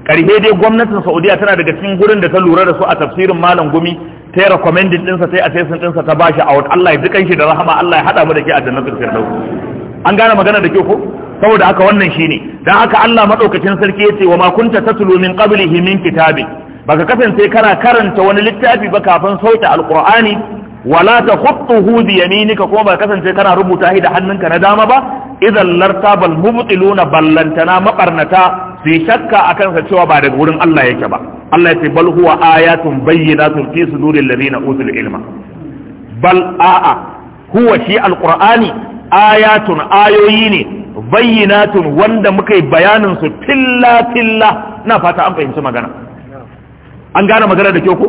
ƙarfe dai gwamnatin saudiya tana daga cikin gurin da ta lura da su a tafsirin malam gumi ta yi rekomendin ɗinsa ta yi assessment ɗinsa ta ba a out Allah ya dukan shi da rahama Allah ya haɗa mu da ke a jannatul firdaus an gane magana da kyau ko saboda haka wannan shine dan haka Allah madaukakin sarki ya ce wa ma kunta tatlu min qablihi min kitabin baka kasance kana karanta wani littafi ba kafin sauta alqur'ani wala ta takhutuhu bi yaminika kuma baka kasance kana rubuta shi da hannunka na dama ba idan lartabal mubtiluna ballantana mabarnata su shakka akan sa cewa ba daga wurin Allah yake ba Allah ya ce bal huwa ayatun bayyinatun fi suduril ladina utul ilma bal a'a huwa shi alqur'ani ayatun ayoyi ne bayyinatun wanda muka yi bayanin su filla filla na fata an fahimci magana an gane magana da kyau ko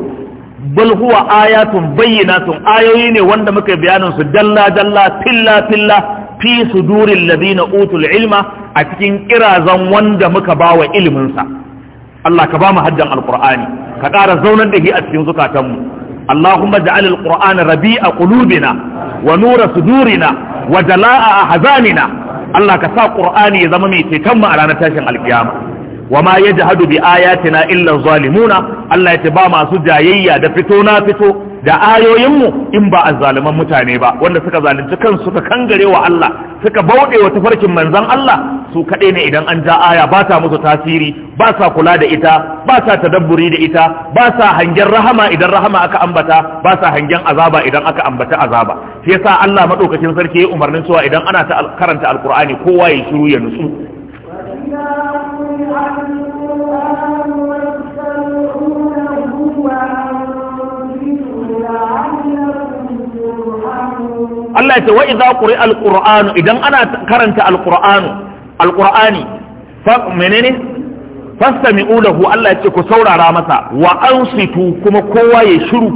bal huwa ayatun bayyinatun ayoyi ne wanda muka bayanin su dalla dalla filla filla fi sudurin ladina utul ilma a cikin kirazan wanda muka bawa ilimin sa Allah ka ba mu haddan alqur'ani ka ƙara zaunar da shi a cikin zukatanmu Allahumma ja'al alqur'ana rabi'a qulubina wa nura sudurina wa jala'a ahzanina Allah ka sa qur'ani ya zama mai ceton mu a ranar tashin alkiyama wa ma hadu bi ayatina illa zalimuna Allah ya ce ba masu jayayya da fito na fito da ayoyinmu in ba azzaliman mutane ba wanda suka zalunci kansu suka kangare wa Allah suka bauɗe wa tafarkin manzon Allah su kaɗai ne idan an ja aya ba ta musu tasiri ba sa kula da ita ba sa tadabburi da ita ba sa hangen rahama idan rahama aka ambata ba sa hangen azaba idan aka ambata azaba shi yasa Allah madaukakin sarki ya umarnin cewa idan ana ta karanta alkur'ani kowa ya shiru ya nutsu Allah ce wa’i za ku al’ur’anu idan ana karanta alqur'anu alqur'ani fa menene fastami'u ulahu Allah ce ku saurara masa wa ansitu kuma kowa ya shiru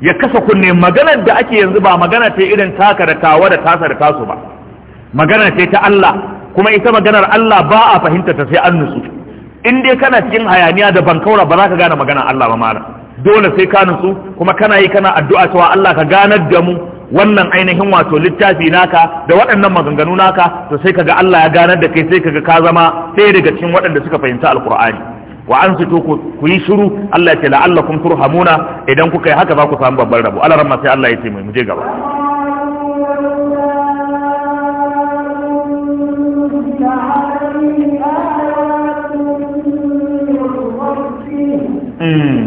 ya kasa kunne maganar da ake yanzu ba magana ce irin taka da tawa da tasa da tasu ba magana ce ta Allah kuma ita maganar Allah ba a fahimta ta sai an nutsu in dai kana cikin hayaniya da kaura ba za ka gane maganar Allah ba mara. dole sai ka nutsu kuma kana yi kana addu'a cewa Allah ka ganar da mu wannan ainihin wato littafi naka da waɗannan maganganu naka to sai kaga Allah ya ganar da kai sai kaga ka zama sai daga cikin waɗanda suka fahimta Alkur'ani. wa an sito ku yi shiru Allah ya ce la'allakum turhamuna idan kuka yi haka za ku samu babban rabo Allah ramma sai Allah ya ce mu je gaba Mm.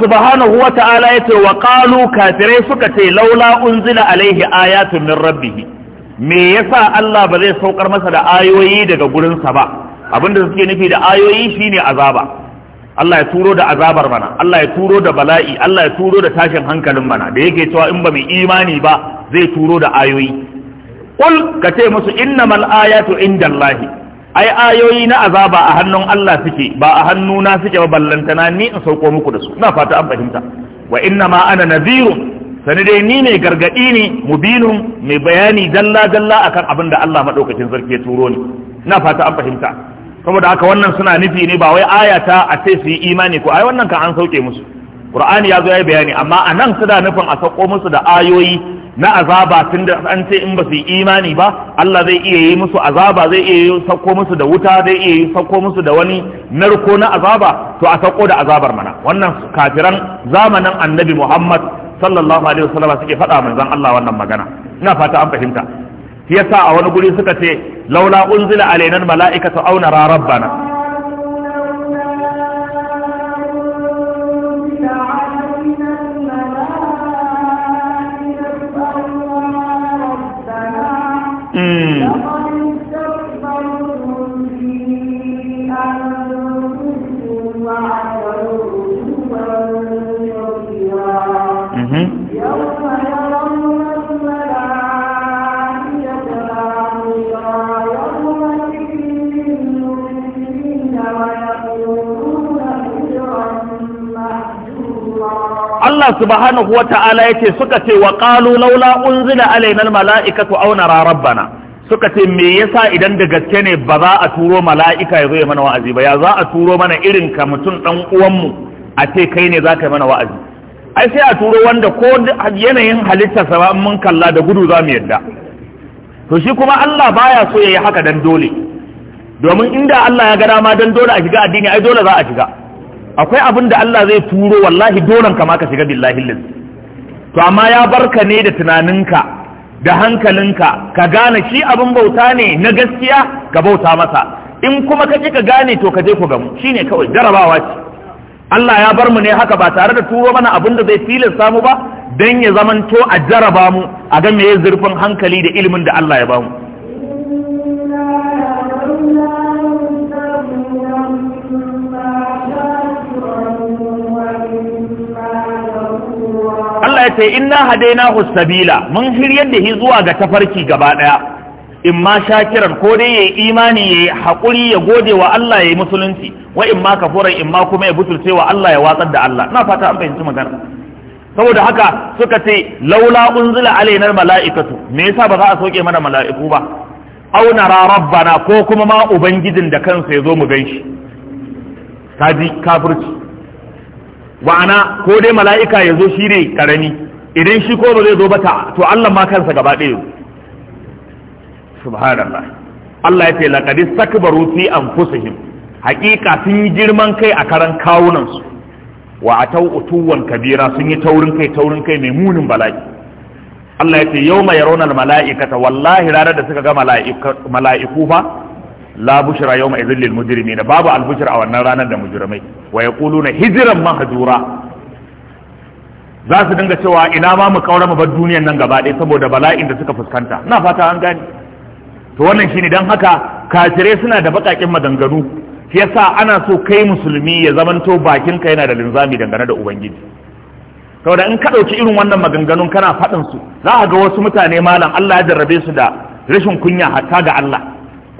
subhanahu wa ta'ala ya ce wa ƙalu kafirai suka ce laula unzila alaihi ayatun min rabbihi me yasa Allah ba zai saukar masa da ayoyi daga gurinsa ba abinda suke nufi da ayoyi shine azaba Allah ya turo da azabar mana Allah ya turo da bala'i Allah ya turo da tashin hankalin mana da yake cewa in ba mai imani ba zai turo da ayoyi qul ka ce musu innamal ayatu indallahi ai ayoyi na azaba a hannun Allah suke ba a hannu na suke ba ballantana ni in sauko muku da su ina fata an fahimta wa inna ma ana nadhirun sani dai ni ne gargadi ne mubinun mai bayani dalla dalla akan abin da Allah madaukakin sarki ya turo ni ina fata an fahimta saboda haka wannan suna nufi ne ba wai ayata a ce su yi imani ko ai wannan kan an sauke musu qur'ani ya zo ya bayani amma a nan suna nufin a sako musu da ayoyi na azaba tun da an ce in ba su yi imani ba Allah zai iya yi musu azaba zai iya yi sako musu da wuta zai iya yi sako musu da wani narko na azaba to a sako da azabar mana wannan kafiran zamanin annabi Muhammad sallallahu alaihi wasallam suke faɗa manzon Allah wannan magana ina fata an fahimta shi yasa a wani guri suka ce laula unzila alaina malaikatu aw nara rabbana Allah subhanahu wa ta'ala yace suka ce wa qalu laula unzila alaina almalaikatu aw nara rabbana suka ce me yasa idan da gaske ne ba za a turo mala'ika ya zo ya mana wa'azi ba ya za a turo mana irin ka mutum dan uwanmu mu a ce kai ne za ka mana wa'azi ai sai a turo wanda ko yanayin halitta sa mun kalla da gudu za mu yadda to shi kuma Allah baya so yayi haka dan dole domin inda Allah ya ga dama dan dole a shiga addini ai dole za a shiga akwai abin da Allah zai turo wallahi dolan kama ka shiga billahi lillahi to amma ya barka ne da tunaninka da hankalinka ka gane shi abin bauta ne na gaskiya ka bauta masa in kuma ka ka gane to ka je ku gamu shine kawai jarabawa ce Allah ya bar mu ne haka ba tare da turo mana abin da zai filin samu ba dan ya zamanto a jaraba mu a ga me zurfin hankali da ilimin da Allah ya bamu Allah ya ce inna hadainahu sabila mun hiryar da shi zuwa ga tafarki gaba daya in ma shakiran ko dai yayi imani yayi hakuri ya gode wa Allah yayi musulunci wa in ma kafuran in ma kuma ya butulce wa Allah ya watsar da Allah na fata an fahimci magana saboda haka suka ce laula unzila alaina mala'ikatu me yasa ba za a soke mana mala'iku ba aw nara rabbana ko kuma ma ubangijin da kansa ya zo mu ganshi kaji kafirci wa'ana ko dai mala'ika ya zo shi ne karami idan shi ko ba zai zo ba ta to Allah ma kansa gaba ɗaya subhanallah Allah ya ce laqad istakbaru fi anfusihim haqiqa sun yi girman kai a karan kawunan su wa atau utuwan kabira sun yi taurin kai taurin kai mai munin bala'i Allah ya ce yawma yarawna al-mala'ikata wallahi ranar da suka ga mala'iku fa la bushra yawma idhil lil mujrimina babu al-bushra a wannan ranar da mujrimai wa na hijiran mahajura za su dinga cewa ina ma mu kaura mu bar duniyan nan gaba ɗaya saboda bala'in da suka fuskanta na fata an gani to wannan shine dan haka kafirai suna da bakakin maganganu shi yasa ana so kai musulmi ya zamanto bakin ka yana da linzami dangane da ubangiji saboda in ka ɗauki irin wannan maganganun kana faɗin su za a ga wasu mutane malam Allah ya jarrabe su da rashin kunya hatta ga Allah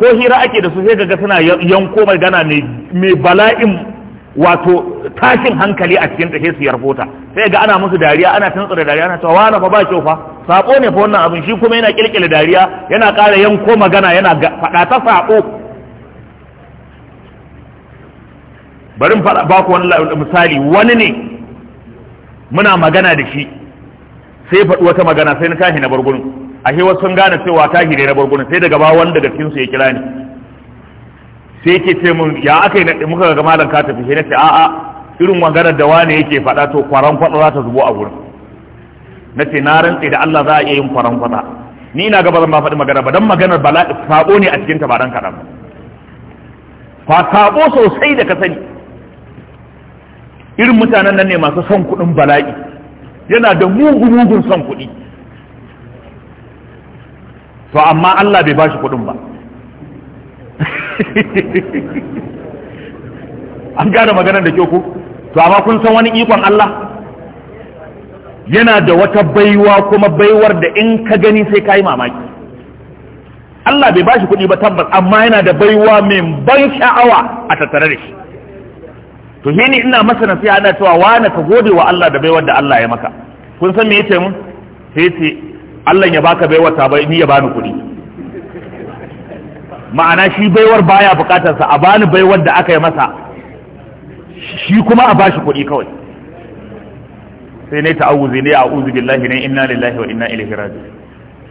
ko hira ake da su sai ga suna yanko magana mai bala'in wato tashin hankali a cikin tashe su yarfota sai ga ana musu dariya ana tantsa da dariya ana cewa wala fa ba kyau fa sabo ne fa wannan abin shi kuma yana kirkire dariya yana ƙara yanko magana yana faɗa ta sabo bari in ba ku wani misali wani ne muna magana da shi sai faɗi wata magana sai na tashi na bargunin ashe wasu sun gane cewa tashi ne na bargunin sai daga ba wani daga cikin su ya kira ni sai yake ce mun ya aka yi muka ga malam ka tafi sai nace a'a irin maganar da wane yake faɗa to kwaran kwaɗa za ta zubo a gurin nace na rantse da Allah za a iya yin kwaran kwaɗa ni ina ga ba zan faɗi magana ba dan maganar bala'i sabo ne a cikin ta ba dan kaɗan fa sabo sosai da ka sani irin mutanen nan ne masu son kuɗin bala'i yana da mugu mugun son kuɗi to amma Allah bai bashi kuɗin ba an gane maganar da kyau ku to amma kun san wani ikon Allah yana da wata baiwa kuma baiwar da in ka gani sai ka yi mamaki Allah bai bashi kuɗi ba tabbas amma yana da baiwa mai ban sha'awa a tattare da shi to shi ne ina masa nasiha ana cewa wani ka gode wa Allah da baiwar da Allah ya maka kun san me yace mun sai ce Allah ya baka baiwar ta bai ni ya bani kuɗi ma'ana shi baiwar baya bukatarsa a bani baiwar da aka yi masa shi kuma a bashi kuɗi kawai sai ne ta'awuzi ne a uzu billahi ne inna lillahi wa inna ilaihi raji'un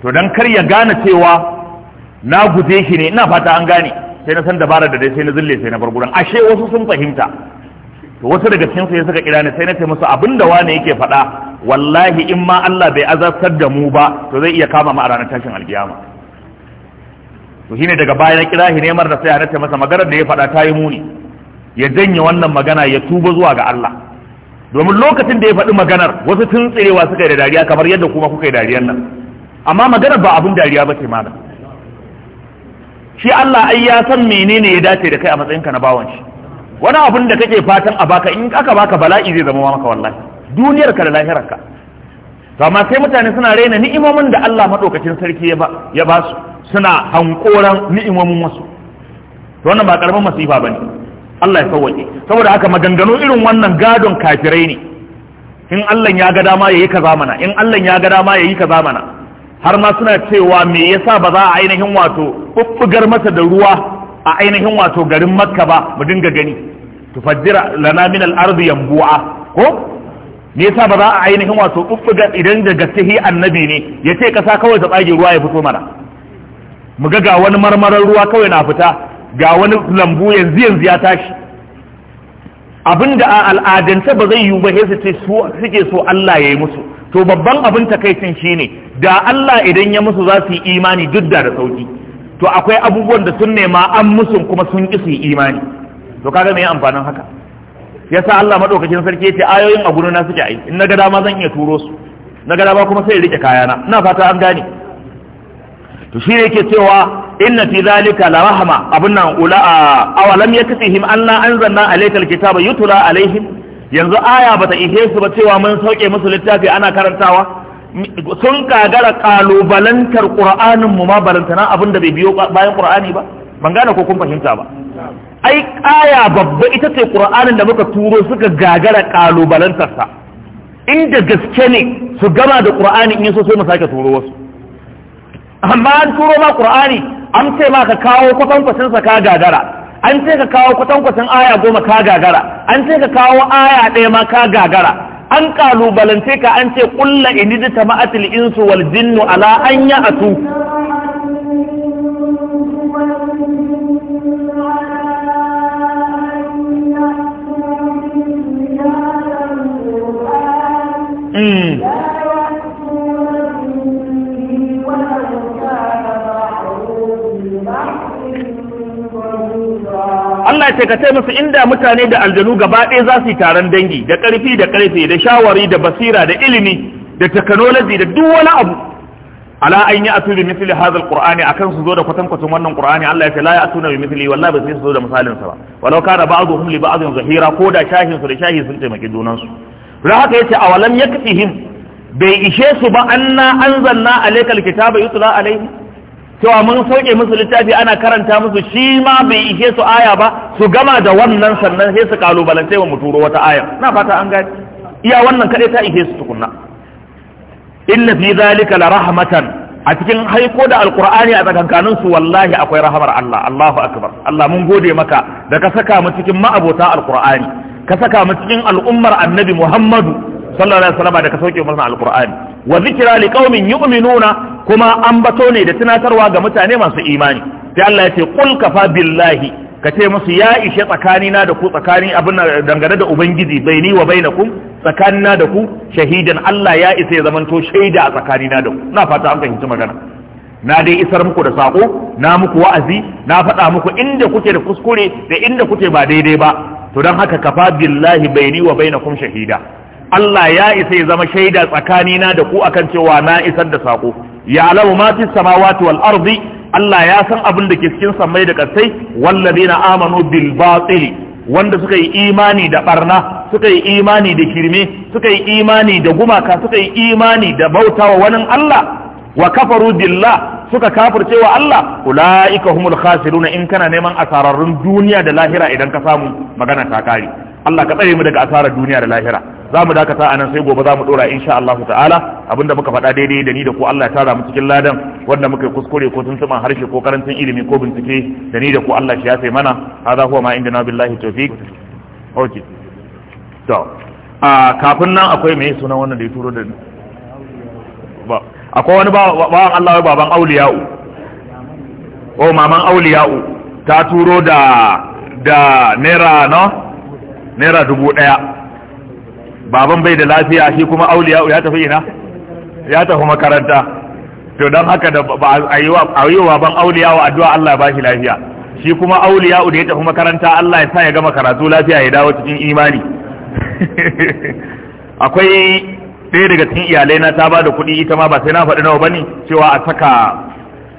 to dan kar ya gane cewa na guje shi ne ina fata an gane sai na san dabara da dai sai na zille sai na bar gurin ashe wasu sun fahimta to wasu daga cikin su suka kira ni sai na ce musu abinda wane yake faɗa wallahi in ma Allah bai azabtar da mu ba to zai iya kama mu a ranar tashin alkiyama to shine daga baya ya kira neman da sai ya nace masa magana da ya faɗa ta yi muni ya janye wannan magana ya tuba zuwa ga Allah domin lokacin da ya faɗi maganar wasu tun tsirewa suka yi da dariya kamar yadda kuma kuka yi dariyar nan amma maganar ba abin dariya ba ce mana shi Allah ai ya san menene ya dace da kai a matsayinka na bawan shi wani abin da kake fatan a baka in aka baka bala'i zai zama maka wallahi duniyar ka da lahirar ka to amma sai mutane suna raina ni'imomin da Allah madaukakin sarki ya ba ya ba su suna hankoran ni'imomin wasu to wannan ba karamin masifa bane Allah ya sauwaje saboda haka maganganu irin wannan gadon kafirai ne in Allah ya ga dama yayi kaza mana in Allah ya ga dama yayi kaza mana har ma suna cewa me yasa ba za a ainihin wato bubbugar masa da ruwa a ainihin wato garin Makka ba mu dinga gani tufajjira lana min al-ardi yanbu'a ko me yasa ba za a ainihin wato bubbuga idan da sahi annabi ne yace kasa kawai ta tsage ruwa ya fito mana mu ga ga wani marmarar ruwa kawai na fita ga wani lambu yanzu yanzu ya tashi abinda a al'adance ba zai yiwu ba sai su suke so Allah ya yi musu to babban abin takaicin shine da Allah idan ya musu za su yi imani duk da da sauki to akwai abubuwan da sun nema an musu kuma sun ki su yi imani to kaga me amfanin haka yasa Allah madaukakin sarki yace ayoyin a gurina suke ai in na ga dama zan iya turo su na ga dama kuma sai rike kayana ina fata an gane to shi yake cewa inna fi zalika la rahma abun nan ula awalam yakfihim anna anzalna alaykal kitaba yutla alaihim yanzu aya bata ihe su ba cewa mun sauke musu littafi ana karantawa sun kagara kalubalantar qur'anin mu ma balantana abin da bai biyo bayan qur'ani ba ban gane ko kun fahimta ba ai aya babba ita ce qur'anin da muka turo suka gagara kalubalantar sa inda gaske ne su gama da qur'ani in yaso sai mu sake turo wasu amma an turo ma qur'ani an ce ma ka kawo kwatankwacin sa ka gagara an ce ka kawo kwatankwacin aya goma ka gagara an ce ka kawo aya ɗaya ma ka gagara an kalubalance ka an ce kulla inidita ma'atil insu wal jinnu ala an ya'atu Allah ce ka ce musu inda mutane da aljanu gaba ɗaya za su yi taron dangi da ƙarfi da ƙarfe da shawari da basira da ilimi da technology da duk wani abu ala an yi atu bi misli hadha alqur'ani akan su zo da kwatankwacin wannan qur'ani Allah ya ce la ya'tuna bi misli wallahi ba su zo da misalin sa ba walau kana ba'dhum li ba'dhin zahira ko da shahin su da shahin sun taimaki junan su dan haka yace awalam yakfihim bai ishe su ba anna anzalna alaykal kitaba yutla alayhi cewa mun sauke musu littafi ana karanta musu shi ma bai ishe su aya ba su gama da wannan sannan sai su kalubalance wa mu turo wata aya na fata an iya wannan kaɗai ta ishe su tukunna inna fi zalika la rahmatan a cikin haiko da alkur'ani a tsakankanin su wallahi akwai rahamar Allah Allahu akbar Allah mun gode maka da ka saka mu cikin ma'abota alkur'ani ka saka mu cikin al'ummar annabi Muhammadu sallallahu alaihi wasallam da ka sauke mana alkur'ani wa zikra liqaumin yu'minuna kuma an bato ne da tunatarwa ga mutane masu imani sai Allah ya ce qul kafa billahi ka ce musu ya ishe tsakanina da ku tsakani abin dangane da ubangiji baini wa bainakum tsakanina da ku shahidan Allah ya isa ya zamanto shaida a tsakanina da ku na fata an fahimci magana na dai isar muku da sako na muku wa'azi na faɗa muku inda kuke da kuskure da inda kuke ba daidai ba to don haka kafa billahi baini wa bainakum shahida Allah ya isa ya zama shaida tsakanina da ku akan cewa na isar da sako ya alamu ma fi samawati wal ardi Allah ya san abin da ke cikin mai da kasai wallazina amanu bil batil wanda suka yi imani da barna suka yi imani da kirme suka yi imani da gumaka suka yi imani da bautawa wani Allah wa kafaru billah suka kafirce wa Allah ulaika humul khasiruna in kana neman asararrun duniya da lahira idan ka samu magana ta kare Allah ka tsare mu daga asarar duniya da lahira za mu dakata a nan sai gobe za mu dora insha Allah ta'ala abinda muka faɗa daidai da ni da ku Allah ya tara mu cikin ladan wanda muka yi kuskure ko tuntuban harshe ko karancin ilimi ko bincike da ni da ku Allah shi ya sai mana hada huwa ma indana billahi tawfiq okay to a kafin nan akwai mai suna wannan da ya turo da ba akwai wani bawan Allah wai baban auliya'u o maman auliya'u ta turo da da naira no naira dubu daya baban bai da lafiya shi kuma auliya ya tafi ina ya tafi makaranta to don haka da a yi wa ban auliya wa addu'a Allah ba shi lafiya shi kuma auliya da ya tafi makaranta Allah ya sa ya gama karatu lafiya ya dawo cikin imani *laughs* akwai ɗaya daga cikin iyalai na ta ba da kuɗi ita ma ba sai na faɗi nawa bane cewa a saka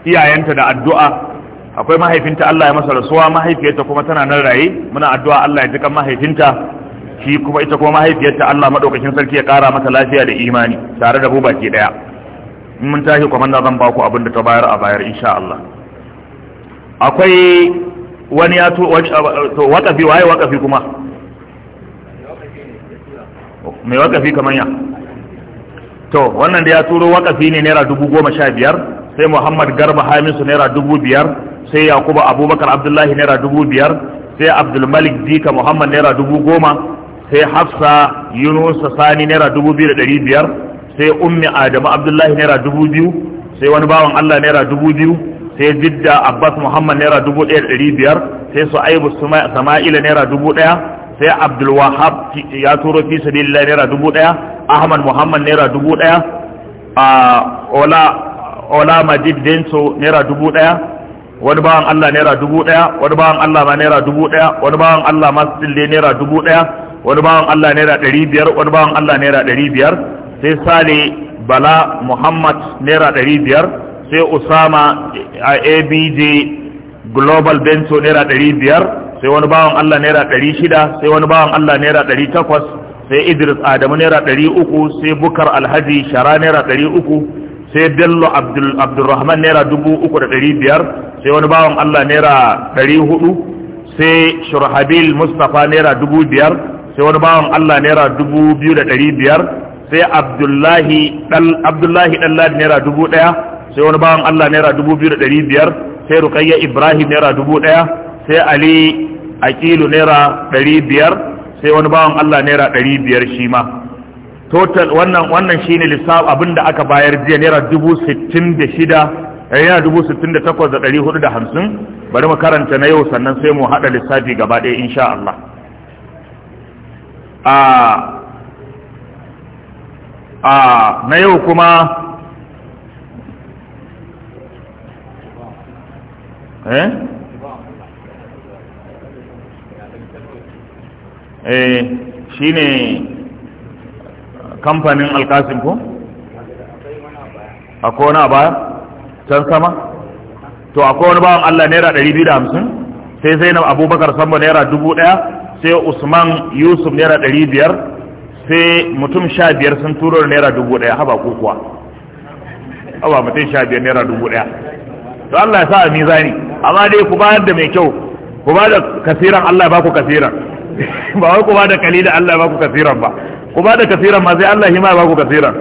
iyayenta da addu'a akwai mahaifinta Allah ya masa rasuwa mahaifiyarta kuma tana nan raye muna addu'a Allah ya jikan mahaifinta shi kuma ita kuma mahaifiyarta Allah madaukakin sarki ya kara mata lafiya da imani tare da daya in mun tashi zan abin da ta bayar a bayar insha Allah akwai wani ya to wakafi waye wakafi kuma mai wakafi kamar ya to wannan da ya turo wakafi ne naira dubu goma sha biyar sai muhammad garba hamisu naira dubu biyar sai yakubu abubakar abdullahi naira dubu biyar sai abdulmalik dika muhammad naira dubu goma sai hafsa yunus sani naira dubu biyu da ɗari biyar sai ummi adamu abdullahi naira dubu biyu sai wani bawan allah naira dubu biyu sai jidda abbas muhammad naira dubu ɗaya da ɗari biyar sai su aibu sama'ila naira dubu ɗaya sai abdul wahab ya turo fi sabilillah naira dubu ɗaya ahmad muhammad naira dubu ɗaya a ola ola majid denso naira dubu ɗaya wani bawan Allah naira dubu ɗaya wani bawan Allah ma naira dubu ɗaya wani bawan Allah ma still naira dubu ɗaya wani bawan Allah naira ɗari biyar wani bawan Allah naira ɗari biyar sai sale bala muhammad naira ɗari biyar sai usama a abj global bento naira ɗari biyar sai wani bawan Allah naira ɗari shida sai wani bawan Allah naira ɗari takwas sai idris adamu naira ɗari uku sai bukar alhaji shara naira ɗari uku sai bello abdulrahman naira dubu uku da ɗari biyar sai wani bawan allah naira ɗari hudu sai shurhabil mustapha naira dubu biyar sai wani bawan Allah naira dubu biyu da ɗari biyar sai abdullahi ɗan ladi naira dubu ɗaya sai wani bawan Allah naira dubu biyu da ɗari biyar sai rukayya ibrahim naira dubu ɗaya sai ali aƙilu naira ɗari biyar sai wani bawan Allah naira ɗari biyar shi ma total wannan wannan shine lissaf abin da aka bayar jiya naira dubu sittin da shida eh, naira dubu sittin da takwas da ɗari hudu da hamsin bari mu karanta na yau sannan sai mu haɗa lissafi gaba ɗaya insha Allah a a na yau kuma eh eh shi ne kamfanin alkasin ko? akwai wani baya can sama to akwai wani bawan Allah naira 250 sai zainab abubakar samba naira 1000 sai usman yusuf naira ɗari biyar sai mutum sha biyar sun turo da naira dubu ɗaya haba ko kuwa haba mutum sha biyar naira dubu ɗaya to Allah ya sa a mizani amma dai ku bayar da mai kyau ku ba da kasiran Allah ba ku kasiran *laughs* ba wai ku ba da Allah ba ku kasiran ba ku ba da kasiran ma sai Allah shi ma ba ku kasiran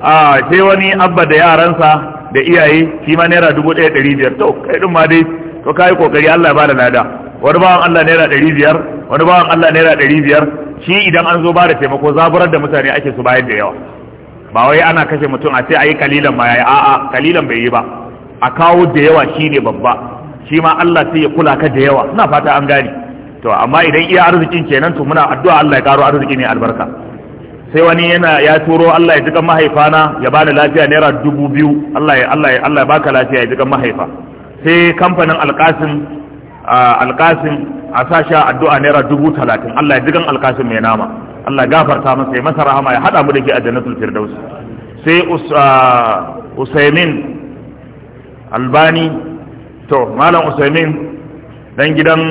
a sai wani abba da yaransa da iyaye shi ma naira dubu ɗaya ɗari biyar to kai ɗin ma dai to kayi kokari Allah ba da lada wani bawan Allah naira ɗari biyar wani bawan Allah naira ɗari biyar shi idan an zo ba da taimako zaburar da mutane ake su bayar da yawa ba wai ana kashe mutum a ce a yi kalilan ma yayi a'a kalilan bai yi ba a kawo da yawa shi ne babba shi ma Allah sai ya kula ka da yawa ina fata an gane to amma idan iya arzikin kenan to muna addu'a Allah ya karo arziki ne albarka sai wani yana ya turo Allah ya jikan mahaifana ya bani lafiya naira dubu biyu Allah ya Allah ya Allah ya baka lafiya ya jikan mahaifa sai kamfanin alkasin alkasim a sa sha addu'a naira dubu talatin Allah ya jigan alkasim mai nama Allah ya gafarta masa ya masa rahama ya haɗa mu da ke a jannatul firdaus sai usaimin albani to malam usaimin dan gidan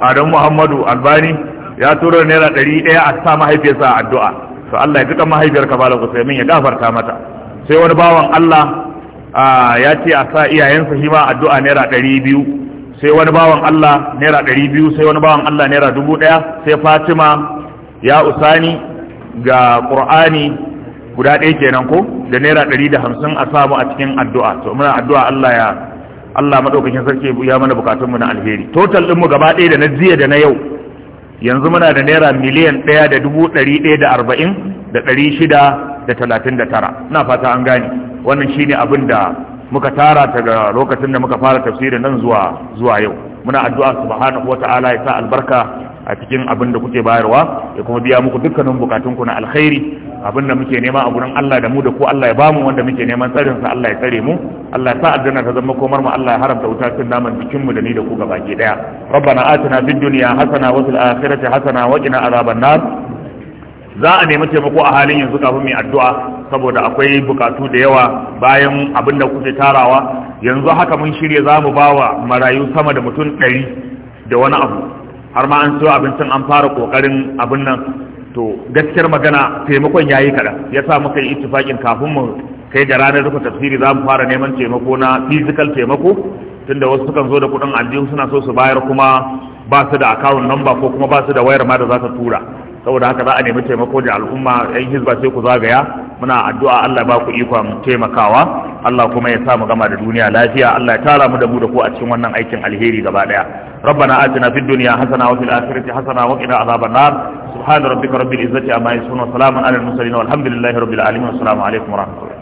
adam muhammadu albani ya tura naira ɗari ɗaya a sa mahaifiyarsa a addu'a to Allah ya mahaifiyar mahaifiyarka malam usaimin ya gafarta mata sai wani bawan Allah ya ce a sa iyayensa shi ma addu'a naira ɗari biyu sai wani bawan Allah naira ɗari biyu sai wani bawan Allah naira dubu ɗaya sai Fatima ya usani ga Qur'ani guda ɗaya kenan ko da naira ɗari da hamsin a samu a cikin addu'a to muna addu'a Allah ya Allah maɗaukakin sarki ya mana bukatun mu na alheri total ɗinmu gaba ɗaya da na jiya da na yau yanzu muna da naira miliyan ɗaya da dubu ɗari ɗaya da arba'in da ɗari shida da talatin da tara ina fata an gane wannan shine abin da muka tara ta ga lokacin da muka fara tafsirin nan zuwa zuwa yau muna addu'a subhanahu wata'ala ya sa albarka a cikin abin da kuke bayarwa ya kuma biya muku dukkanin bukatunku na alkhairi abin da muke nema a gurin Allah da mu da ku Allah ya bamu wanda muke neman tsarin sa Allah ya tsare mu Allah ya sa aljanna ta zama komar mu Allah ya haramta wuta cikin naman jikin mu da ni da ku gabaki daya rabbana atina fid dunya hasana wa fil akhirati hasana wa qina azaban nar za a nemi taimako a halin yanzu kafin mai addu'a saboda akwai bukatu da yawa bayan abin da kuke tarawa yanzu haka mun shirya za mu ba wa marayu sama da mutum ɗari da wani abu har ma an siyo abincin an fara ƙoƙarin abin nan to gaskiyar magana taimakon ya yi kaɗan ya sa muka yi ittifaƙin kafin mu kai da ranar rufe tafsiri za mu fara neman taimako na fizikal taimako tunda wasu sukan zo da kuɗin aljihu suna so su bayar kuma ba su da akawun namba ko kuma ba su da wayar ma da za ta tura saboda haka za a nemi taimako da al'umma yan hizba sai ku zagaya muna addu'a Allah ba ku ikon taimakawa Allah kuma ya sa mu gama da duniya lafiya Allah ya tara mu da mu da ku a cikin wannan aikin alheri gaba daya ربنا آتنا في الدنيا حسنة وفي الآخرة حسنة وقنا عذاب النار سبحان ربك رب العزة عما يصفون وسلام على المرسلين والحمد لله رب العالمين والسلام عليكم ورحمة